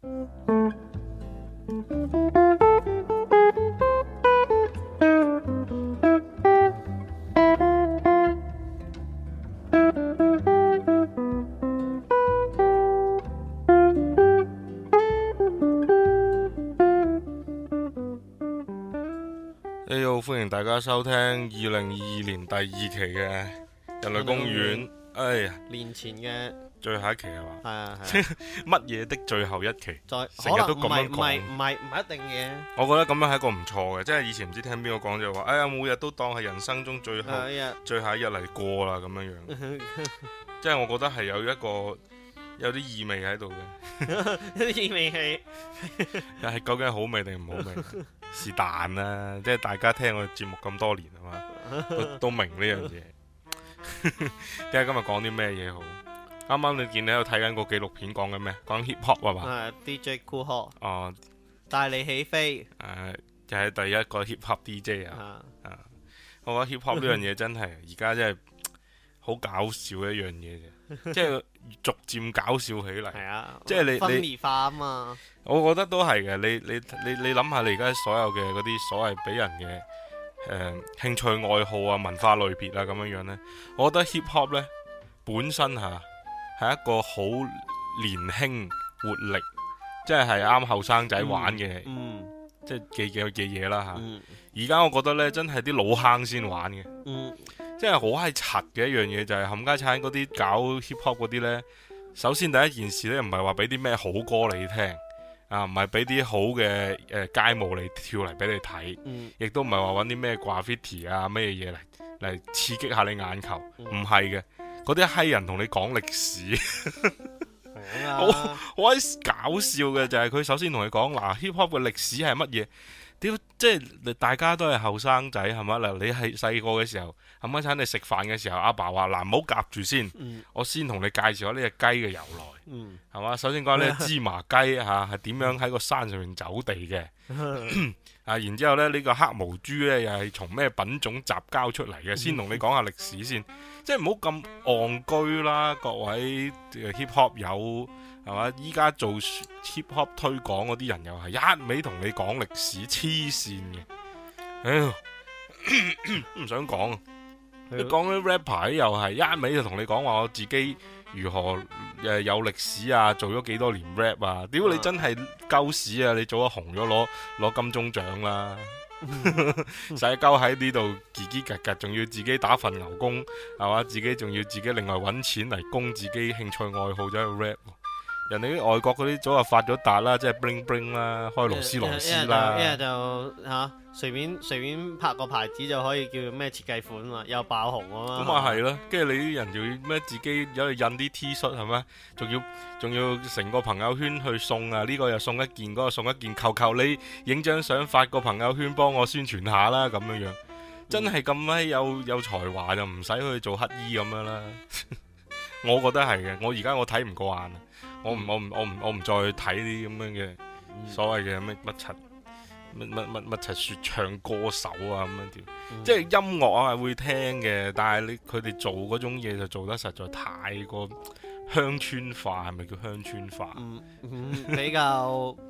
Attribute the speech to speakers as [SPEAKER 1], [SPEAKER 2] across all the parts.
[SPEAKER 1] 哎，好
[SPEAKER 2] ！Hey，歡迎大家收聽二零二二年第二期嘅人類公園。公園哎呀，年前嘅。最後一期係嘛、啊？乜嘢、啊、的最後一期？成日都咁樣講，唔係唔係唔係唔一定嘅。我覺得咁樣係一個唔錯嘅，即係以前唔知聽邊個講就話，哎呀，每日都當係人生中最後、啊、最後最後一日嚟過啦，咁樣樣。 即係我覺得係有一個有啲意味喺度嘅，有 啲
[SPEAKER 3] 意味
[SPEAKER 2] 係是，係究竟好味定唔好味？是但啦，即係大家聽我節目咁多年啊嘛， 都明呢樣嘢。點 解今日講啲咩嘢好？啱啱你見你喺度睇緊個紀錄片，講緊咩？講 hip hop 係嘛？DJ 酷殼哦，帶你起飛誒，就係、uh, 第一個 hip hop DJ 啊啊！Uh. Uh, 我覺得 hip hop 呢樣嘢真係而家真係好搞笑一樣嘢，即、就、係、是、逐漸搞笑起嚟係啊。即係 你分離化
[SPEAKER 3] 啊嘛？
[SPEAKER 2] 我覺得都係嘅。你你你你諗下，你而家所有嘅嗰啲所謂俾人嘅誒、呃、興趣愛好啊、文化類別啊咁樣樣咧，我覺得 hip hop 咧本身嚇。啊啊係一個好年輕活力，即係係啱後生仔玩嘅，嗯嗯、即係嘅嘅嘅嘢啦吓。而家，嗯、我覺得呢，真係啲老坑先玩嘅，嗯、即係好閪柒嘅一樣嘢就係冚家鏟嗰啲搞 hip hop 嗰啲呢。首先第一件事呢，唔係話俾啲咩好歌你聽啊，唔係俾啲好嘅、誒、呃、街舞你跳嚟，俾你睇，亦都唔係話搵啲咩 graffiti 啊咩嘢嚟嚟刺激下你眼球，唔係嘅。嗯嗰啲閪人同你講歷史，
[SPEAKER 1] 好好
[SPEAKER 2] 鬼搞笑嘅就係、是，佢首先同你講嗱，hip hop 嘅歷史係乜嘢？點，即係大家都係後生仔係嘛啦？你係細個嘅時候，咁啱趁你食飯嘅時候，阿爸話嗱，唔好夾住先，我先同你介紹下呢隻雞嘅由來，係嘛、嗯？首先講呢隻芝麻雞吓係點樣喺個山上面走地嘅，啊、嗯， 然之後咧呢、這個黑毛豬咧又係從咩品種雜交出嚟嘅？先同你講下歷史先。即係唔好咁戇居啦，各位 hip hop 友係嘛？依家做 hip hop 推廣嗰啲人又係一味同你講歷史，黐線嘅，哎唔想講。你講啲 rapper 又係一味就同你講話，我自己如何誒、呃、有歷史啊？做咗幾多年 rap 啊？屌、啊，你真係鳩屎啊？你做咗紅咗攞攞金鐘獎啦！使鳩喺呢度，嘰嘰格格，仲要自己打份牛工，係嘛？自己仲要自己另外揾錢嚟供自己興趣愛好，走去 rap。人哋啲外國嗰啲早又發咗達啦，即係 bling bling 啦，開勞斯萊斯啦，一係就
[SPEAKER 3] 吓、啊，隨便隨便拍個牌子就可以叫咩設計款嘛，又爆紅啊嘛，咁啊係咯，
[SPEAKER 2] 跟住、嗯、你啲人仲要咩自己有去印啲 T 恤係咪？仲要仲要成個朋友圈去送啊？呢、這個又送一件，嗰、這個又送一件，求求你影張相發個朋友圈幫我宣傳下啦咁樣樣，真係咁閪有有才華就唔使去做乞衣咁樣啦， 我覺得係嘅，我而家我睇唔過眼。我唔我唔我唔我唔再去睇啲咁樣嘅所謂嘅乜乜柒乜乜乜乜柒説唱歌手啊，咁樣點，即係、就是，音樂我係會聽嘅，但係你佢哋做嗰種嘢就做得實在太過鄉村化，係咪叫鄉村化？比
[SPEAKER 3] 較、嗯。嗯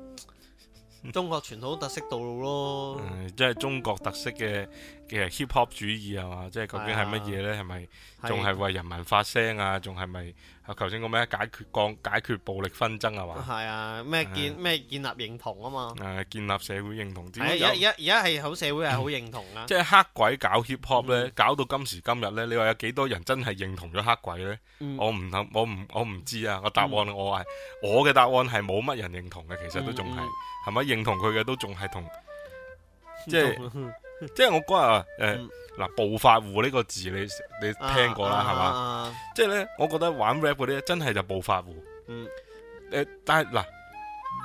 [SPEAKER 3] 中國傳統特色道路咯、嗯，
[SPEAKER 2] 即係中國特色嘅嘅 hip hop 主義係嘛？即係究竟係乜嘢呢？係咪仲係為人民發聲啊？仲係咪啊？頭先個咩解決講解決暴力紛爭係嘛？
[SPEAKER 3] 係啊，咩、啊、建咩、啊、建立認同嘛啊嘛？
[SPEAKER 2] 建立社會認同。而而而
[SPEAKER 3] 家係好社會係好認同啦、嗯。即係
[SPEAKER 2] 黑鬼搞 hip hop 咧，嗯、搞到今時今日咧，你話有幾多人真係認同咗黑鬼呢？嗯、我唔我唔我唔知啊。我答案、嗯、我係我嘅答案係冇乜人認同嘅，其實都仲係。嗯係咪認同佢嘅都仲係同，即係即係我嗰日誒，嗱暴發戶呢個字你你聽過啦係嘛？即係咧，我覺得玩 rap 嗰啲真係就暴發戶。嗯。誒，但係嗱，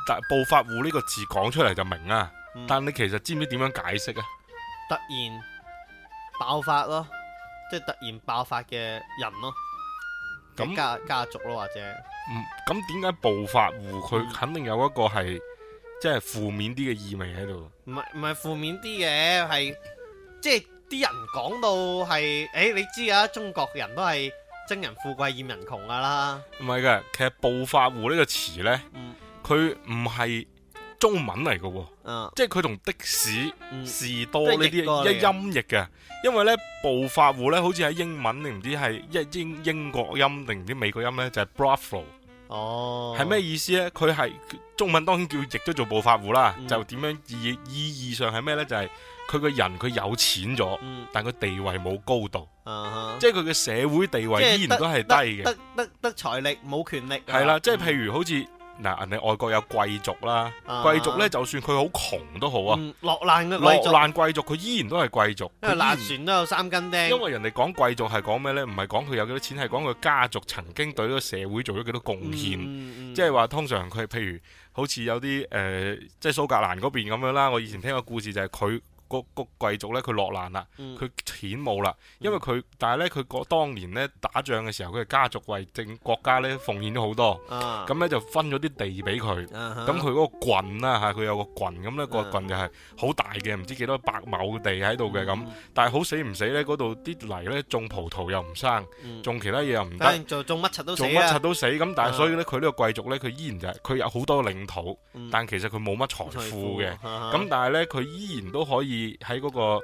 [SPEAKER 2] 但暴發戶呢個字講出嚟，就明啊，但你其實知唔知點樣解釋啊？
[SPEAKER 3] 突然爆發咯，即係突然爆發嘅人咯，
[SPEAKER 2] 咁家
[SPEAKER 3] 家族咯，或者嗯，
[SPEAKER 2] 咁點解暴發戶佢肯定有一個係？即係負面啲嘅意味喺度，唔
[SPEAKER 3] 係唔係負面啲嘅，係即係啲人講到係，誒、欸、你知㗎，中國人都係憎人富貴厭人窮噶啦。
[SPEAKER 2] 唔係嘅，其實暴發戶呢個詞呢，佢唔係中文嚟嘅喎，啊、即係佢同的士士、嗯、多呢啲一音譯嘅，因為呢「暴發戶呢好似喺英文定唔知係一英英，英國音定唔知美國音呢，就係 brougher。哦，係咩、oh. 意思咧？佢係中文，當然叫亦都做暴發戶啦。Mm hmm. 就點樣意？意義上係咩咧？就係佢個人，佢有錢咗，mm hmm. 但佢地位冇高度，uh
[SPEAKER 3] huh. 即係
[SPEAKER 2] 佢嘅社會地位依然都係低嘅，得得得財力冇
[SPEAKER 3] 權力、啊。係啦，
[SPEAKER 2] 即係譬如好似。Mm hmm. 嗱，人哋外國有貴族啦，啊、貴族咧就算佢好窮都好啊，
[SPEAKER 3] 落難落難
[SPEAKER 2] 貴族佢依然都係貴族，因為爛船都有三斤釘。因為人哋講貴族係講咩咧？唔係講佢有幾多錢，係講佢家族曾經對嗰社會做咗幾多貢獻。即係話通常佢譬如好似有啲誒，即、呃、係、就是、蘇格蘭嗰邊咁樣啦。我以前聽個故事就係佢。嗰個貴族咧，佢落難啦，佢錢冇啦，因為佢，但係咧，佢個當年咧打仗嘅時候，佢嘅家族為政國家咧奉獻咗好多，咁咧就分咗啲地俾佢，咁佢嗰個郡啦嚇，佢有個郡，咁咧個郡就係好大嘅，唔知幾多百畝地喺度嘅咁，但係好死唔死咧，嗰度啲泥咧種葡萄又唔生，種其他嘢又唔得，做乜乜都死，咁但係所以咧，佢呢個貴族咧，佢依然就係佢有好多領土，但其實佢冇乜財富嘅，咁但係咧佢依然都可以。喺嗰個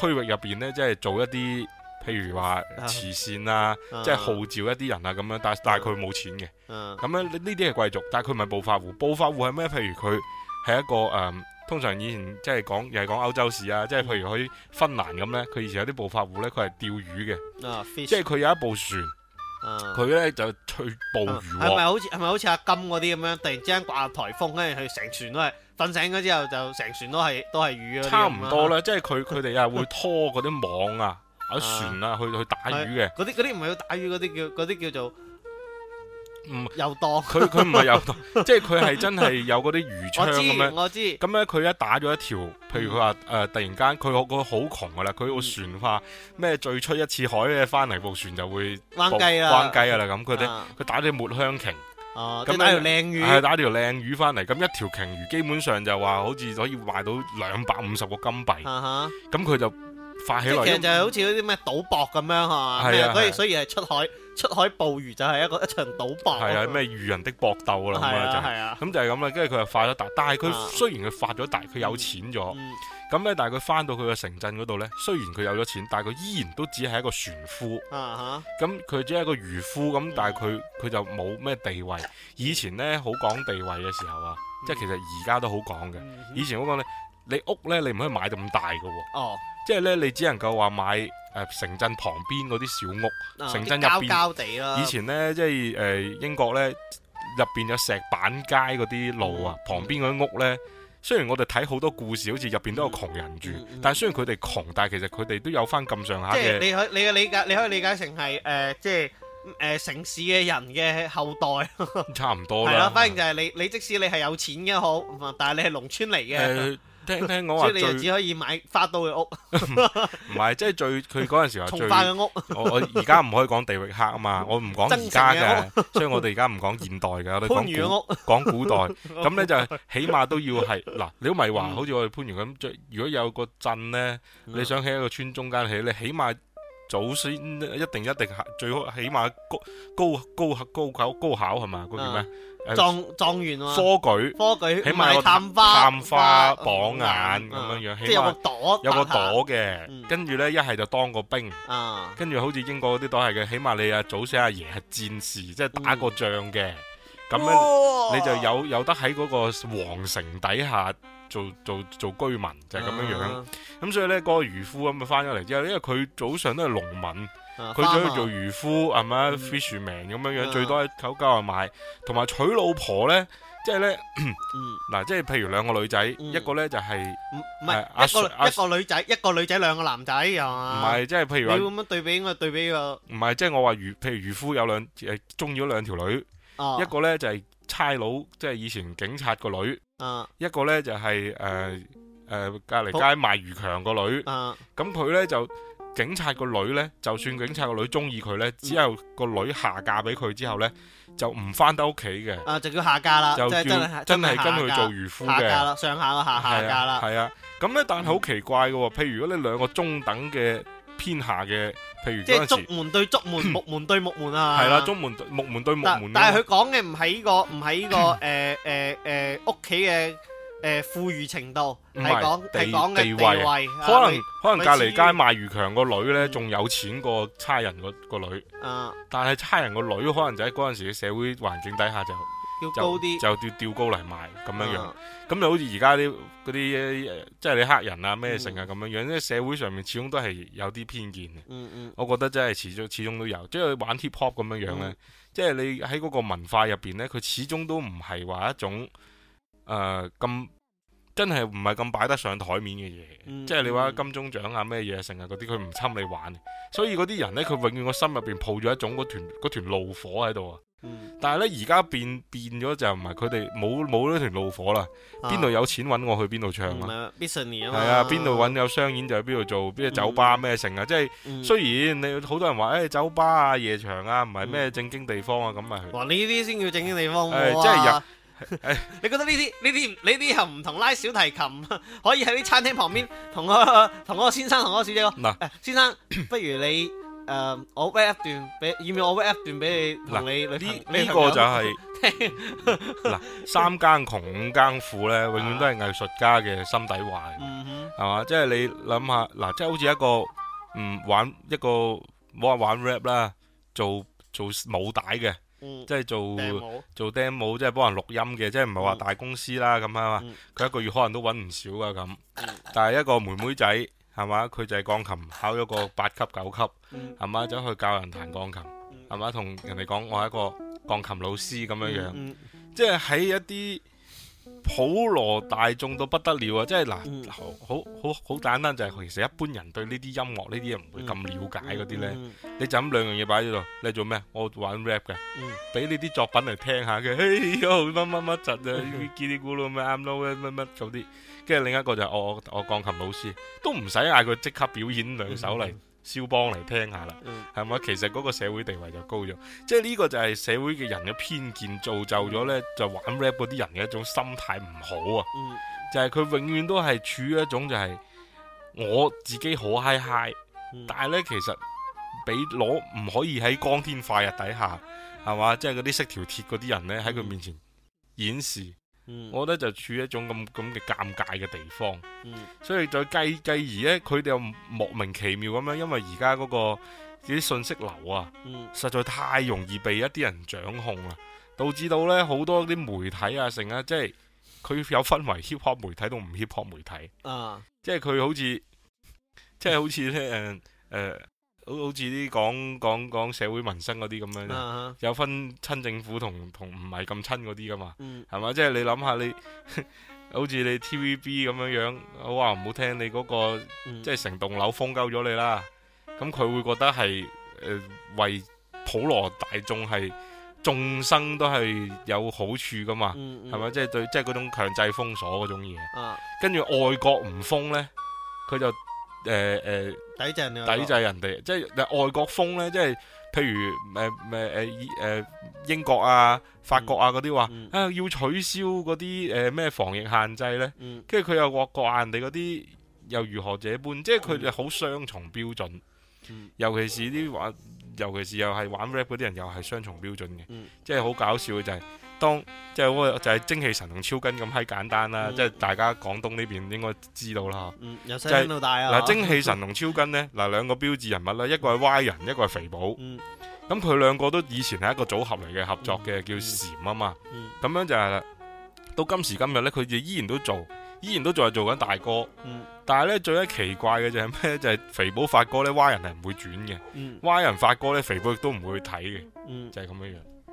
[SPEAKER 2] 區域入邊呢，即係做一啲譬如話慈善啊，啊即係號召一啲人啊咁樣，但但係佢冇錢嘅。咁咧呢啲係貴族，但係佢唔係暴發戶。暴發戶係咩？譬如佢係一個誒、嗯，通常以前即係講又係講歐洲史啊，即係、嗯、譬如佢芬蘭咁呢，佢以前有啲暴發戶呢，佢係釣魚嘅，啊、fish, 即係佢有一部船，佢、啊、呢就釣暴雨。喎。係咪好
[SPEAKER 3] 似，係咪好似阿金嗰啲咁樣？突然之間掛颱風，跟住佢成船都係。瞓醒咗之後就成船都係都係魚差唔多啦，即
[SPEAKER 2] 係佢佢哋啊會拖嗰啲網啊喺船啊去去打魚嘅。
[SPEAKER 3] 嗰啲嗰啲唔係要打魚嗰啲叫嗰啲叫做，遊蕩。佢佢唔係遊蕩，即係佢係真係有嗰啲魚槍咁樣。我
[SPEAKER 2] 知，我知，咁咧佢一打咗一條，譬如佢話誒突然間佢好窮噶啦，佢個船話咩最出一次海咧翻嚟部船就會關雞啦，關雞啦咁。佢哋，佢打啲抹香鯨。
[SPEAKER 3] 哦，咁樣打條靚魚，係打
[SPEAKER 2] 條靚魚返嚟，咁一條鯨魚基本上就話好似可以賣到兩百五十個金幣，咁佢、uh huh. 就發起來。即係
[SPEAKER 3] 就係好似嗰啲咩賭博咁樣，係嘛、嗯？啊、所以所以係出海、
[SPEAKER 2] 啊、出海捕魚就係一個一場賭博、那個，係啊，咩漁人的搏鬥啦，咁、啊、就係咁啦。跟住佢就發咗大，但係佢雖然佢發咗大，佢有錢咗。嗯嗯咁咧、嗯，但係佢翻到佢個城鎮嗰度咧，雖然佢有咗錢，但係佢依然都只係一個船夫。咁佢只係一個漁夫咁，huh. 嗯嗯、但係佢佢就冇咩地位。以前咧好講地位嘅時候啊，即、就、係、是、其實而家都好講嘅。以前好講咧，你屋咧你唔可以買咁大嘅喎。哦、uh，即係咧你只能夠話買誒、呃、城鎮旁邊嗰啲小屋，uh huh. 城鎮入邊。交交以前咧即係誒英國咧入邊有石板街嗰啲路啊，uh huh. 旁邊嗰啲屋咧。雖然我哋睇好多故事，好似入邊都有窮人住，嗯嗯、但係雖然佢哋窮，但係其實佢哋都有翻咁上下嘅。即係你
[SPEAKER 3] 可你嘅理解，你可以理解成係誒、呃，即係誒、呃呃、城市嘅人嘅後代， 差唔多啦。係啦， 反正就係你，你即使你係有錢嘅好，但係你係農村嚟嘅。呃 聽聽我話，即係你又只可以買花都嘅屋，
[SPEAKER 2] 唔係，即係最佢嗰陣時話最。化嘅 花的屋 我。我而家唔可以講地域黑啊嘛，我唔講而家嘅，誠 所以我哋而家唔講現代嘅，我哋講古，講雨 古代。咁咧就係起碼都要係嗱，你都咪係話好似我哋番禺咁最。如果有個鎮咧，嗯、你想喺一個村中間起，你起碼祖先一定一定係最好，起碼高高高，高，高考高考高考係嘛，嗰叫咩？嗯狀
[SPEAKER 3] 狀元科舉，
[SPEAKER 2] 科舉，起碼有個探花，探花榜眼咁樣樣，即係有個朵，有個朵嘅，跟住呢，一係就當個兵，跟住好似英國嗰啲朵係嘅，起碼你阿祖先阿爺係戰士，即係打過仗嘅，咁呢，你就有有得喺嗰個皇城底下做做做居民就係咁樣樣，咁所以呢，嗰個漁夫咁啊翻咗嚟之後，因為佢早上都係農民。佢想去做漁夫，係咪？Fisherman 咁樣樣，最多喺口交度賣，同埋娶老婆咧，即係咧，嗱，即係譬如兩個女仔，一個咧就係唔係一個一個女
[SPEAKER 3] 仔，一個女仔兩個男仔，係嘛？唔係，即係譬如你咁樣對比應該對比個，
[SPEAKER 2] 唔係，即係我話魚，譬如漁夫有兩誒中意咗兩條女，一個咧就係差佬，即係以前警察個女，一個咧就係誒誒隔籬街賣魚強個女，咁佢咧就。警察個女咧，就算警察個女中意佢咧，只有個女下嫁俾佢之後咧，就唔翻得屋企嘅。啊、
[SPEAKER 3] 呃，就叫下嫁啦，就係叫真真係跟佢做漁夫嘅。下嫁啦，上下啦，下下嫁啦。係
[SPEAKER 2] 啊，咁咧、啊，但係好奇怪嘅、哦嗯，譬如如果你兩個中等嘅偏下嘅，譬如即係竹門對竹門，木門對木門啊。係啦、 啊，竹門對木門對木門。但係佢
[SPEAKER 3] 講嘅唔係呢個，唔係呢個，誒誒誒，屋企嘅。誒，富裕程度唔係講地講地位，可能
[SPEAKER 2] 可能隔籬街賣魚強個女咧，仲有錢過差人個個女。但係差人個女可能就喺嗰陣時嘅社會環境底下就要高啲，就吊吊高嚟賣咁樣樣。咁又好似而家啲啲，即係你黑人啊咩成啊咁樣樣。即係社會上面始終都係有啲偏見嘅。我覺得真係始終始終都有，即係玩 hip hop 咁樣樣咧。即係你喺嗰個文化入邊咧，佢始終都唔係話一種。誒，咁、呃、真係唔係咁擺得上台面嘅嘢，嗯、即係你話金鐘獎啊，咩嘢成啊，嗰啲佢唔侵你玩，所以嗰啲人咧，佢永遠個心入邊抱住一種嗰團嗰團怒火喺度、嗯、啊。但係咧而家變變咗就唔係，佢哋冇冇呢團怒火啦。邊度有錢揾我去邊度唱啊？係啊，邊度揾有商演就去邊度做，邊啲酒吧咩成啊？即係、嗯嗯、雖然你好多人話誒、哎，酒吧啊、夜場啊，唔係咩正經地方啊，咁啊。哇，呢啲先叫正經地方即係喎。
[SPEAKER 3] 你覺得呢啲呢啲呢啲又唔同拉小提琴， 可以喺啲餐廳旁邊同個同個先生同個小姐講嗱，嘩先生 不如你誒、呃，我 rap 一段俾，要唔要我 rap 一段俾你同你女呢、這個就係、是、
[SPEAKER 2] 嗱， 三更窮五更富咧，永遠都係藝術家嘅心底話，係嘛、啊？即係、就是、你諗下嗱，即係、就是、好似一個唔、嗯、玩一個冇人玩 rap 啦，做做，做舞台嘅。嗯、即係做 Demo？做 demo 即係幫人錄音嘅，即係唔係話大公司啦咁樣嘛。佢一個月可能都揾唔少噶咁。嗯、但係一個妹妹仔係嘛，佢就係鋼琴考咗個八級九級係嘛，走、嗯、去教人彈鋼琴係嘛，同、嗯、人哋講我係一個鋼琴老師咁樣樣。即係喺一啲。普羅大眾到不得了啊！即係嗱，好好好簡單就係、是，其實一般人對呢啲音樂呢啲嘢唔會咁了解嗰啲咧，你就咁兩樣嘢擺喺度，你做咩？我玩 rap 嘅，俾、嗯、你啲作品嚟聽下嘅。嘿呀，乜乜乜窒啊，嘰哩咕嚕咩 a 乜乜，o 啲，跟、喔、住、嗯嗯、另一個就係我我我鋼琴老師，都唔使嗌佢即刻表演兩首嚟。嗯嗯嗯肖邦嚟聽下啦，係咪？其實嗰個社會地位就高咗，即係呢個就係社會嘅人嘅偏見造就咗呢，就玩 rap 嗰啲人嘅一種心態唔好啊，嗯、就係佢永遠都係處於一種就係我自己好嗨嗨，嗯，但係呢，其實俾攞唔可以喺光天化日底下，係嘛？即係嗰啲識條鐵嗰啲人呢，喺佢面前演示 我覺得就處於一種咁咁嘅尷尬嘅地方， 所以再繼繼而咧，佢哋又莫名其妙咁樣，因為而家嗰個啲信息流啊， 實在太容易被一啲人掌控啦，導致到咧好多啲媒體啊，成啊，即係佢有分為 hiphop 媒體同唔 hiphop 媒體，啊、uh.，即係佢好似，即係好似咧，誒誒。好好似啲講講講社會民生嗰啲咁樣，uh huh. 有分親政府同同唔係咁親嗰啲噶嘛，係嘛、mm hmm.？即係你諗下， 好你好似你 TVB 咁樣樣，哇話唔好聽你、嗰個，mm hmm. 了你嗰個即係成棟樓封鳩咗你啦，咁佢會覺得係誒、呃、為普羅大眾係眾生都係有好處噶嘛，係咪、mm hmm.？即係對即係嗰種強制封鎖嗰種嘢，uh. 跟住外國唔封呢，佢就誒誒。呃呃呃呃抵制人哋， 即係外國風咧，即係譬如誒誒誒英國啊、法國啊嗰啲話啊，要取消嗰啲誒咩防疫限制咧，跟住佢又惡怪人哋嗰啲又如何這般，嗯、即係佢哋好雙重標準，嗯、尤其是啲玩，尤其是又係玩 rap 嗰啲人又係雙重標準嘅，即係好搞笑嘅就係、是。當即係我就係精氣神同超筋咁閪簡單啦，即係大家廣東呢邊應該知道啦。吓，由細到大啊。嗱，精氣神同超筋呢嗱兩個標誌人物咧，一個係 Y 人，一個係肥寶。咁佢兩個都以前係一個組合嚟嘅合作嘅，叫蟬啊嘛。咁樣就係啦。到今時今日呢，佢哋依然都做，依然都仲係做緊大哥。但係呢，最咧奇怪嘅就係咩？就係肥寶發哥呢 Y 人係唔會轉嘅。Y 人發哥呢，肥寶亦都唔會去睇嘅。就係咁樣樣。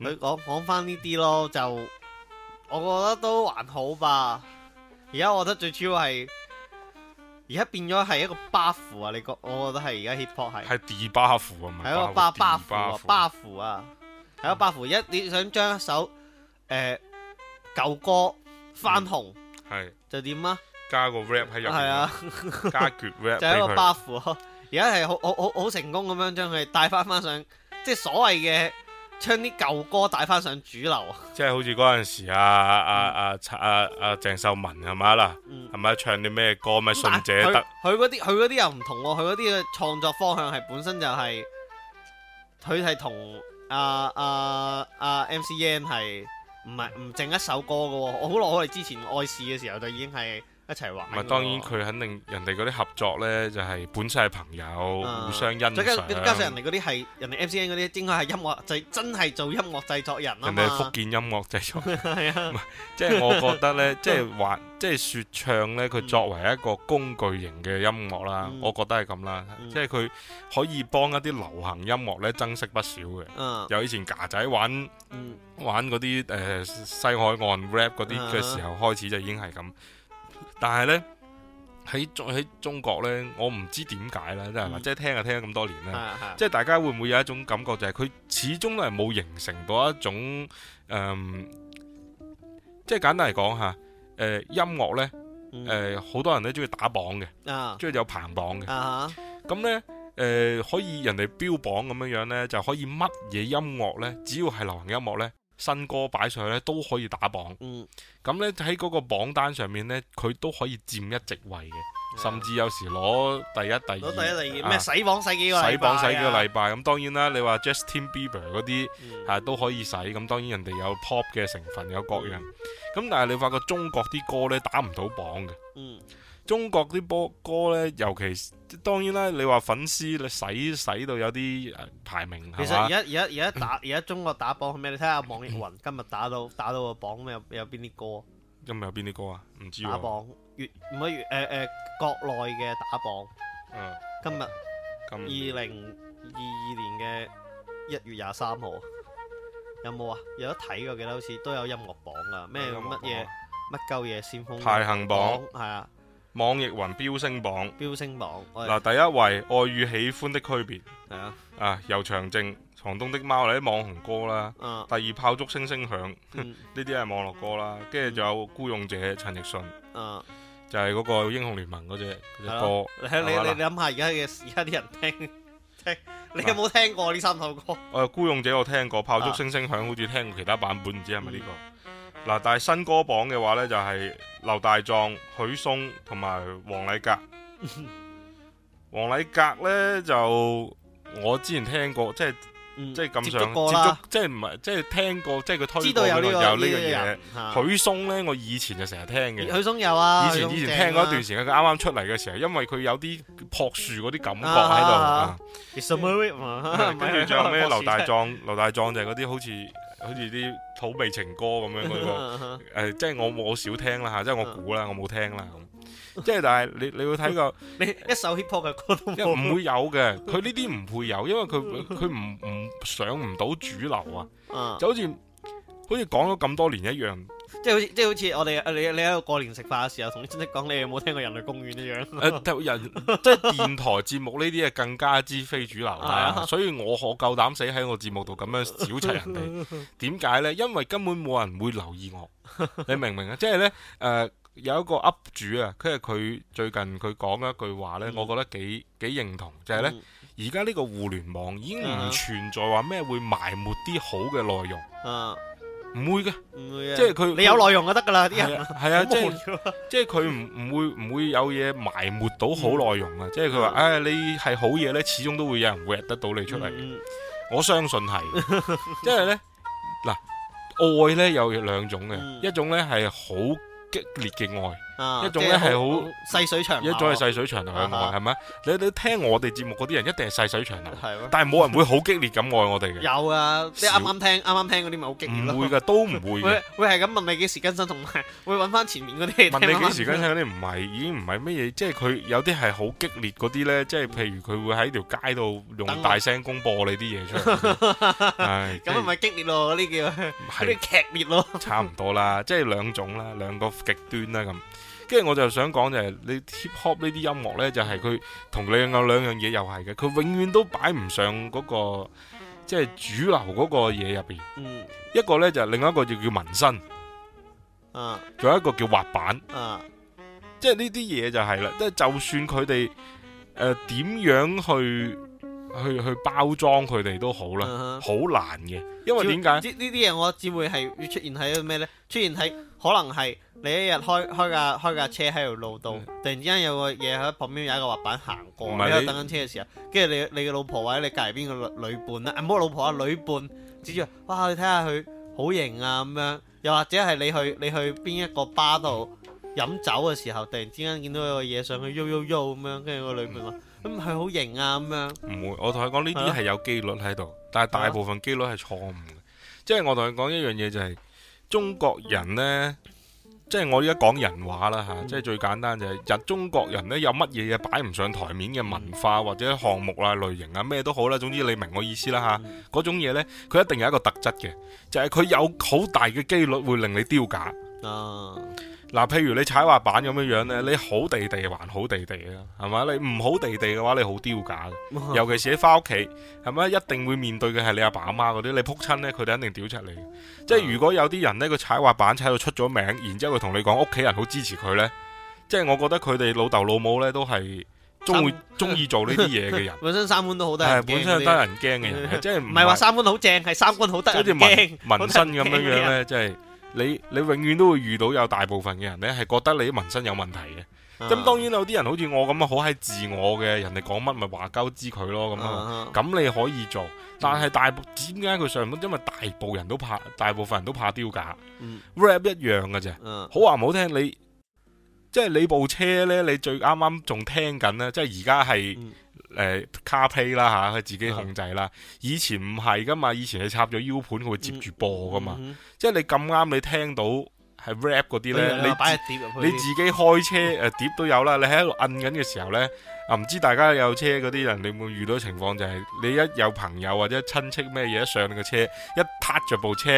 [SPEAKER 3] 佢講講翻呢啲咯，就我覺得都還好吧。而家我覺得最主要係，而家變咗係一個 buff 啊！你覺我覺得係而家 hiphop 係
[SPEAKER 2] 係 b u 巴符啊，嘛？係一個巴 u f f
[SPEAKER 3] 啊，係一個 buff。一你想將一首誒舊歌翻紅，係就點啊？
[SPEAKER 2] 加個 rap 喺入面，加句 rap 就係一個
[SPEAKER 3] buff。而家係好好好好成功咁樣將佢帶翻翻上，即係所謂嘅。唱啲舊歌帶翻上主流，
[SPEAKER 2] 啊即，啊，即係好似嗰陣時阿阿阿阿阿鄭秀文係咪啦？係咪、嗯、唱啲咩歌？咪信者得。
[SPEAKER 3] 佢嗰啲佢啲又唔同喎、啊，佢嗰啲嘅創作方向係本身就係佢係同阿阿阿 M C N 係唔係唔淨一首歌嘅喎、啊。我好耐我哋之前愛事嘅時候就已經係。一齊玩。咪當然
[SPEAKER 2] 佢肯定人哋嗰啲合作咧，就係、是、本身係朋友，嗯、互相欣賞。再、
[SPEAKER 3] 嗯、加上人哋嗰啲係人哋 M.C.N 嗰啲，應該係音樂製、就是、真係做音樂製作人啦。人哋係福
[SPEAKER 2] 建音樂製作
[SPEAKER 3] 人。係 啊。唔係，即係我覺得咧， 即係
[SPEAKER 2] 話，即係說唱咧，佢作為一個工具型嘅音樂啦，嗯、我覺得係咁啦。嗯、即係佢可以幫一啲流行音樂咧增色不少嘅。由、嗯、以前㗎仔玩玩嗰啲誒西海岸 rap 嗰啲嘅時候開始，就已經係咁。但係呢，喺中喺中國呢，我唔知點解啦，嗯、即係即係聽啊聽咁多年啦，嗯、即係大家會唔會有一種感覺，就係佢始終都係冇形成到一種誒、嗯，即係簡單嚟講吓，誒、呃、音樂呢，誒、呃、好多人都中意打榜嘅，中意、嗯、有排行榜嘅，咁、嗯嗯、呢，誒、呃、可以人哋標榜咁樣樣呢，就可以乜嘢音樂呢？只要係流行音樂呢，新歌擺上去咧都可以打榜，咁咧喺嗰個榜單上面咧佢都可以佔一席位嘅，嗯、甚至有時攞第一、第二，攞第一、第二咩洗榜洗幾個禮拜，洗榜洗幾個禮拜。咁當然啦，你話 Justin Bieber 嗰啲啊都可以洗，咁當然人哋有 pop 嘅成分，有各樣。咁、嗯、但係你發覺中國啲歌咧打唔到榜嘅。嗯。中國啲波歌咧，尤其當然啦，你話粉絲你使使到有啲排名嚇。其實而家而
[SPEAKER 3] 家而家打而家中國打榜係咩？你睇下網易雲今日打到打到個榜咩？有有邊啲歌？
[SPEAKER 2] 今日有邊啲歌啊？
[SPEAKER 3] 唔知打榜粵唔可以誒誒國內嘅打榜。嗯。今日。今。二零二二年嘅一月廿三號。有冇啊？有得睇過幾多？好似都有音樂榜㗎咩？乜嘢乜鳩嘢？先鋒。排行榜。
[SPEAKER 2] 係啊。網易雲飆升榜，飆升榜嗱，第一位《愛與喜歡的區別》，係啊，啊尤長靖《床東的貓》嗱啲網紅歌啦，第二《炮竹聲聲響》，呢啲係網絡歌啦，跟住仲有《孤勇者》陳奕迅，就係嗰個英雄聯盟嗰隻隻歌，你你諗下而
[SPEAKER 3] 家嘅而家啲人聽聽，你有冇聽過呢三首歌？
[SPEAKER 2] 《孤勇者》我聽過，《炮竹聲聲響》好似聽過其他版本，唔知係咪呢個？嗱，但係新歌榜嘅話咧，就係劉大壯、許嵩同埋黃禮格。黃禮格咧就我之前聽過，即係即係咁上接觸，即係唔係即係聽過，即係佢推過有呢個嘢。許嵩咧，我以前就成日聽嘅。許嵩有啊。以前以前聽過一段時間，佢啱啱出嚟嘅時候，因為佢有啲樸樹嗰啲感覺喺
[SPEAKER 3] 度。跟住仲有咩劉大壯？
[SPEAKER 2] 劉大壯就係嗰啲好似。好似啲土味情歌咁樣嗰個， 呃、即係我好少聽啦嚇，即係我估啦，我冇聽啦咁，即係但係你你要睇個
[SPEAKER 3] 你一首 hiphop 嘅歌都唔會有
[SPEAKER 2] 嘅，佢呢啲唔會有，因為佢佢唔唔上唔到主流啊，就好似 好似講咗咁多年一樣。
[SPEAKER 3] 即係好似，即係好似我哋，你你喺度過年食飯嘅時候，同啲親戚講，你有冇聽過《人類公園》呢樣？呃、
[SPEAKER 2] 人 即係電台節目呢啲啊，更加之非主流啦。 所以，我可夠膽死喺我節目度咁樣小齊人哋。點解 呢？因為根本冇人會留意我。你明唔明啊？即係呢，誒、呃，有一個 Up 主啊，佢係佢最近佢講嘅一句話呢，嗯、我覺得幾幾認同，就係、係、呢，而家呢個互聯網已經唔存在話咩會埋沒啲好嘅內容。嗯嗯唔會嘅，即係佢你有內容就得噶啦啲人，係啊，即係即係佢唔唔會唔會有嘢埋沒到好內容啊，即係佢話，唉，你係好嘢咧，始終都會有人搵得到你出嚟，我相信係，因為咧嗱，愛咧有兩種嘅，一種咧係好激烈嘅愛。
[SPEAKER 3] 一種咧係好
[SPEAKER 2] 細水長流，一種係細水長流嘅愛，係咪？你你聽我哋節目嗰啲人一定係細水長流，但係冇人會好激烈咁愛我哋嘅。有啊，
[SPEAKER 3] 即係啱啱聽啱啱聽嗰啲咪好激烈咯。唔會㗎，
[SPEAKER 2] 都唔會。會
[SPEAKER 3] 會係咁問你幾時更新，同埋會揾翻前面嗰啲。問你幾時更新
[SPEAKER 2] 嗰啲唔係已經唔係乜嘢？即係佢有啲係好激烈嗰啲咧，即係譬如佢會喺條街度用大聲公播你啲嘢出嚟。咁
[SPEAKER 3] 咪激烈咯？嗰啲叫嗰啲劇
[SPEAKER 2] 烈咯。差唔多啦，即係兩種啦，兩個極端啦咁。跟住我就想講就係、是、你 hip hop 呢啲音樂呢，就係佢同你有兩樣嘢又係嘅，佢永遠都擺唔上嗰、那個即係、就是、主流嗰個嘢入邊。嗯、一個呢，就係另一個就叫紋身，
[SPEAKER 3] 仲、
[SPEAKER 2] 啊、有一個叫滑板，啊、即係呢啲嘢就係啦。即係就算佢哋誒點樣去，去去包裝佢哋都好啦，好、嗯、難嘅，因為點解？
[SPEAKER 3] 呢啲嘢我只會係出現喺咩呢？出現喺可能係你一日開開架開架車喺條路度，嗯、突然之間有個嘢喺旁邊有一個滑板行過，而家等緊車嘅時候，跟住你你嘅老婆或者你隔籬邊個女伴咧？唔、哎、好老婆啊，女伴指住哇，你睇下佢好型啊咁樣，又或者係你去你去邊一個吧度飲酒嘅、嗯、時候，突然之間見到有個嘢上去喐喐喐咁樣，跟住個女伴話。嗯咁佢好型啊，
[SPEAKER 2] 咁樣？唔會。我同佢講呢啲係有機率喺度，啊、但係大部分機率係錯誤嘅。即係我同佢講一樣嘢，就係、是、中國人呢，即係我而家講人話啦吓，即係最簡單就係、是，日中國人呢，有乜嘢嘢擺唔上台面嘅文化或者項目啊、類型啊咩都好啦，總之你明我意思啦吓。嗰、嗯啊、種嘢呢，佢一定有一個特質嘅，就係、是、佢有好大嘅機率會令你丟架啊。嗱，譬如你踩滑板咁樣樣咧，你好地地還好地地啊，係咪？你唔好地地嘅話，你好丟架。尤其是你翻屋企，係咪一定會面對嘅係你阿爸阿媽嗰啲？你撲親咧，佢哋肯定屌出嚟。即係如果有啲人咧，佢踩滑板踩到出咗名，然之後佢同你講屋企人好支持佢咧，即係我覺得佢哋老豆老母咧都係中會中意做呢啲嘢嘅人。
[SPEAKER 3] 本身三觀都好得，本身得人
[SPEAKER 2] 驚嘅人，即係唔係話三
[SPEAKER 3] 觀好正，係三觀好得，好似文文身咁樣樣咧，即
[SPEAKER 2] 係。你你永遠都會遇到有大部分嘅人咧，係覺得你啲紋身有問題嘅。咁、啊、當然有啲人好似我咁啊，好喺自我嘅，人哋講乜咪話鳩知佢咯咁啊。咁你可以做，但係大部點解佢上門？因為大部分人都怕，大部分人，人都怕丟架。rap 一樣嘅啫。嗯、好話唔好聽，你即係你部車咧，你最啱啱仲聽緊咧，即係而家係。嗯誒，CarPlay、呃、啦吓，佢、啊、自己控制啦。嗯、以前唔係噶嘛，以前你插咗 U 盤，佢會接住播噶嘛。嗯嗯、即係你咁啱你聽到係 rap 嗰啲咧，你自己開車誒、嗯、碟都有啦。你喺度摁緊嘅時候咧，啊唔知大家有車嗰啲人，你有冇遇到情況就係你一有朋友或者親戚咩嘢一上你個車，一撻着部車，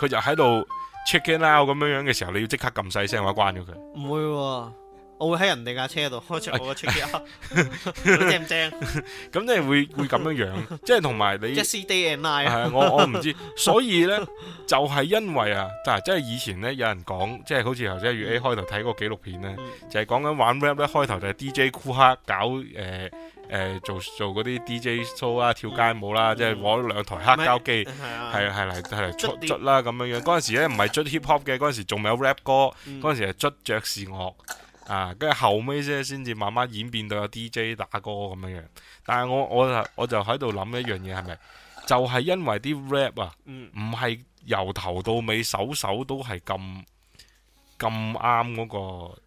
[SPEAKER 2] 佢就喺度 check in out 咁樣樣嘅時候，你要即刻撳細聲話關咗佢。
[SPEAKER 3] 唔、嗯、會、啊。我會喺人哋架車度
[SPEAKER 2] 開着我嘅專輯，正唔正？咁即係會會咁樣樣，即係同埋你。即係 C D a I 啊！我我唔知，所以咧就係、是、因為啊，但係即係以前咧有人講，即、就、係、是、好似頭先月 A 開頭睇嗰個紀錄片咧，嗯、就係講緊玩 rap 咧，開頭就係 D J 酷克搞誒誒、呃呃、做做嗰啲 D J show 啊，跳街舞啦，即係攞兩台黑膠機，係係嚟係嚟捽捽啦咁樣樣。嗰陣時咧唔係捽 hip hop 嘅，嗰陣時仲未有 rap 歌，嗰陣時係捽爵士樂。啊，跟住後尾啫，先至慢慢演變到有 DJ 打歌咁樣樣。但係我我我就喺度諗一樣嘢，係咪就係、是、因為啲 rap 啊，唔係、嗯、由頭到尾首首都係咁咁啱嗰個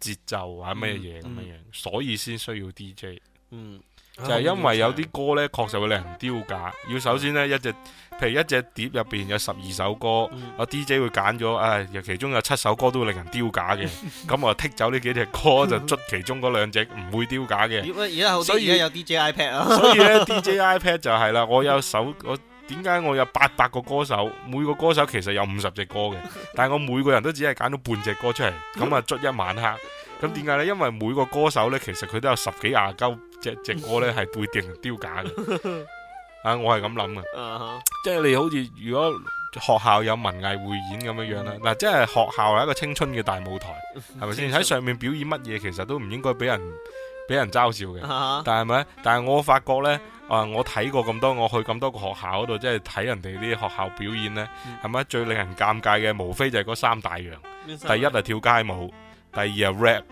[SPEAKER 2] 節奏啊咩嘢咁樣樣，所以先需要 DJ。嗯。就係因為有啲歌咧，確實會令人丟架。要首先呢，一隻譬如一隻碟入邊有十二首歌，嗯、我 D J 會揀咗，誒、哎，其中有七首歌都會令人丟架嘅。咁 我就剔走呢幾隻歌， 就捉其中嗰兩隻唔會丟架嘅、啊。所以而家有 D J iPad 啊。所以呢 D J iPad 就係啦。我有首我點解我有八百個歌手，每個歌手其實有五十隻歌嘅，但係我每個人都只係揀咗半隻歌出嚟。咁啊，捉一晚黑。咁點解呢？因為每個歌手呢，其實佢都有十幾廿鳩隻隻歌呢係會定丟架
[SPEAKER 1] 嘅。
[SPEAKER 2] 啊，我係咁諗嘅。即係你好似如果學校有文藝匯演咁樣樣啦，嗱，即係學校係一個青春嘅大舞台，係咪先？喺上面表演乜嘢，其實都唔應該俾人俾人嘲笑嘅。但係咪？但係我發覺呢，啊，我睇過咁多，我去咁多個學校嗰度，即係睇人哋啲學校表演呢，係咪最令人尷尬嘅？無非就係嗰三大樣，第一係跳街舞。第二啊 rap，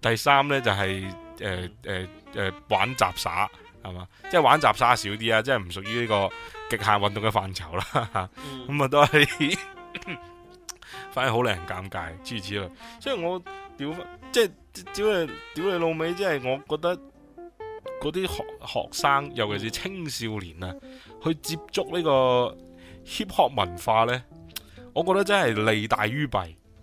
[SPEAKER 2] 第三咧就係誒誒誒玩雜耍係嘛？即係玩雜耍少啲啊，即係唔屬於呢個極限運動嘅範疇啦咁啊都係，呵呵嗯、 反而好令人尷尬，諸如此類。所以我屌即係屌你屌你老味，即係我覺得嗰啲學學生，尤其是青少年啊，去接觸呢個 hip hop 文化咧，我覺得真係利大於弊。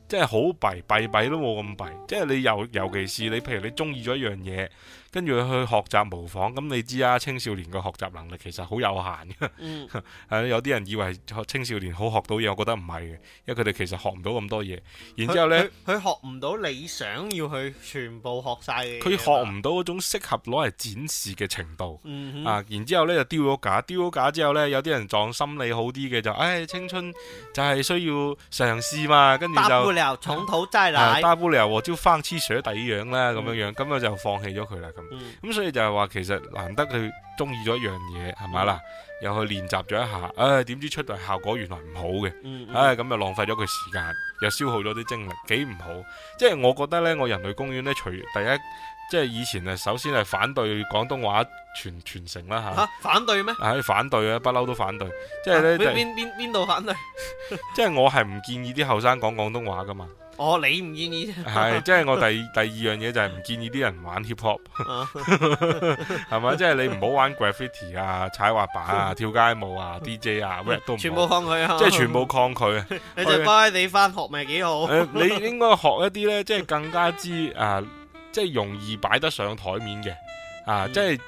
[SPEAKER 2] 即係好弊，弊弊都冇咁弊。即係你尤尤其是你，譬如你中意咗一樣嘢，跟住去學習模仿，咁你知啊，青少年嘅學習能力其實好有限嘅。係、嗯、 有啲人以為青少年好學到嘢，我覺得唔係嘅，因為佢哋其實學唔到咁多嘢。然之後呢，
[SPEAKER 3] 佢學唔到你想要去全部學晒。佢學
[SPEAKER 2] 唔到嗰種適合攞嚟展示嘅程度。嗯、哼啊，然之後呢，就丟咗架，丟咗架之後呢，有啲人撞心理好啲嘅就，唉、哎，青春就係需要嘗試嘛。跟住就大不了
[SPEAKER 3] 重頭再嚟。大、啊、
[SPEAKER 2] 不了就放棄寫第樣啦，咁樣樣，咁我、嗯、就放棄咗佢啦。咁、嗯、所以就係話，其實難得佢中意咗一樣嘢，係咪啦？吧又去練習咗一下，唉、哎，點知出嚟效果原來唔好嘅，唉、嗯、咁、嗯、咪、哎、浪費咗佢時間，又消耗咗啲精力，幾唔好。即、就、係、是、我覺得呢，我人類公園呢，除第一，即、就、係、是、以前啊，首先係反對廣東話傳傳承啦吓。反對咩？係、哎、反對嘅、啊，不嬲都反對。即係你邊
[SPEAKER 3] 邊邊度反
[SPEAKER 2] 對？即 係我係唔建議啲後生講廣東話噶嘛。
[SPEAKER 3] 哦，你唔建議啫，係即係我第
[SPEAKER 2] 第二樣嘢就係唔建議啲人玩 hip hop，係咪？即係你唔好玩 graffiti 啊、踩滑板啊、跳街舞啊、DJ 啊，咩都全部抗拒啊，即係全部抗拒啊！你哋
[SPEAKER 3] 乖，你翻學咪幾好？你應
[SPEAKER 2] 該學一啲咧，即係更加之啊，即係容易擺得上台面嘅啊，即係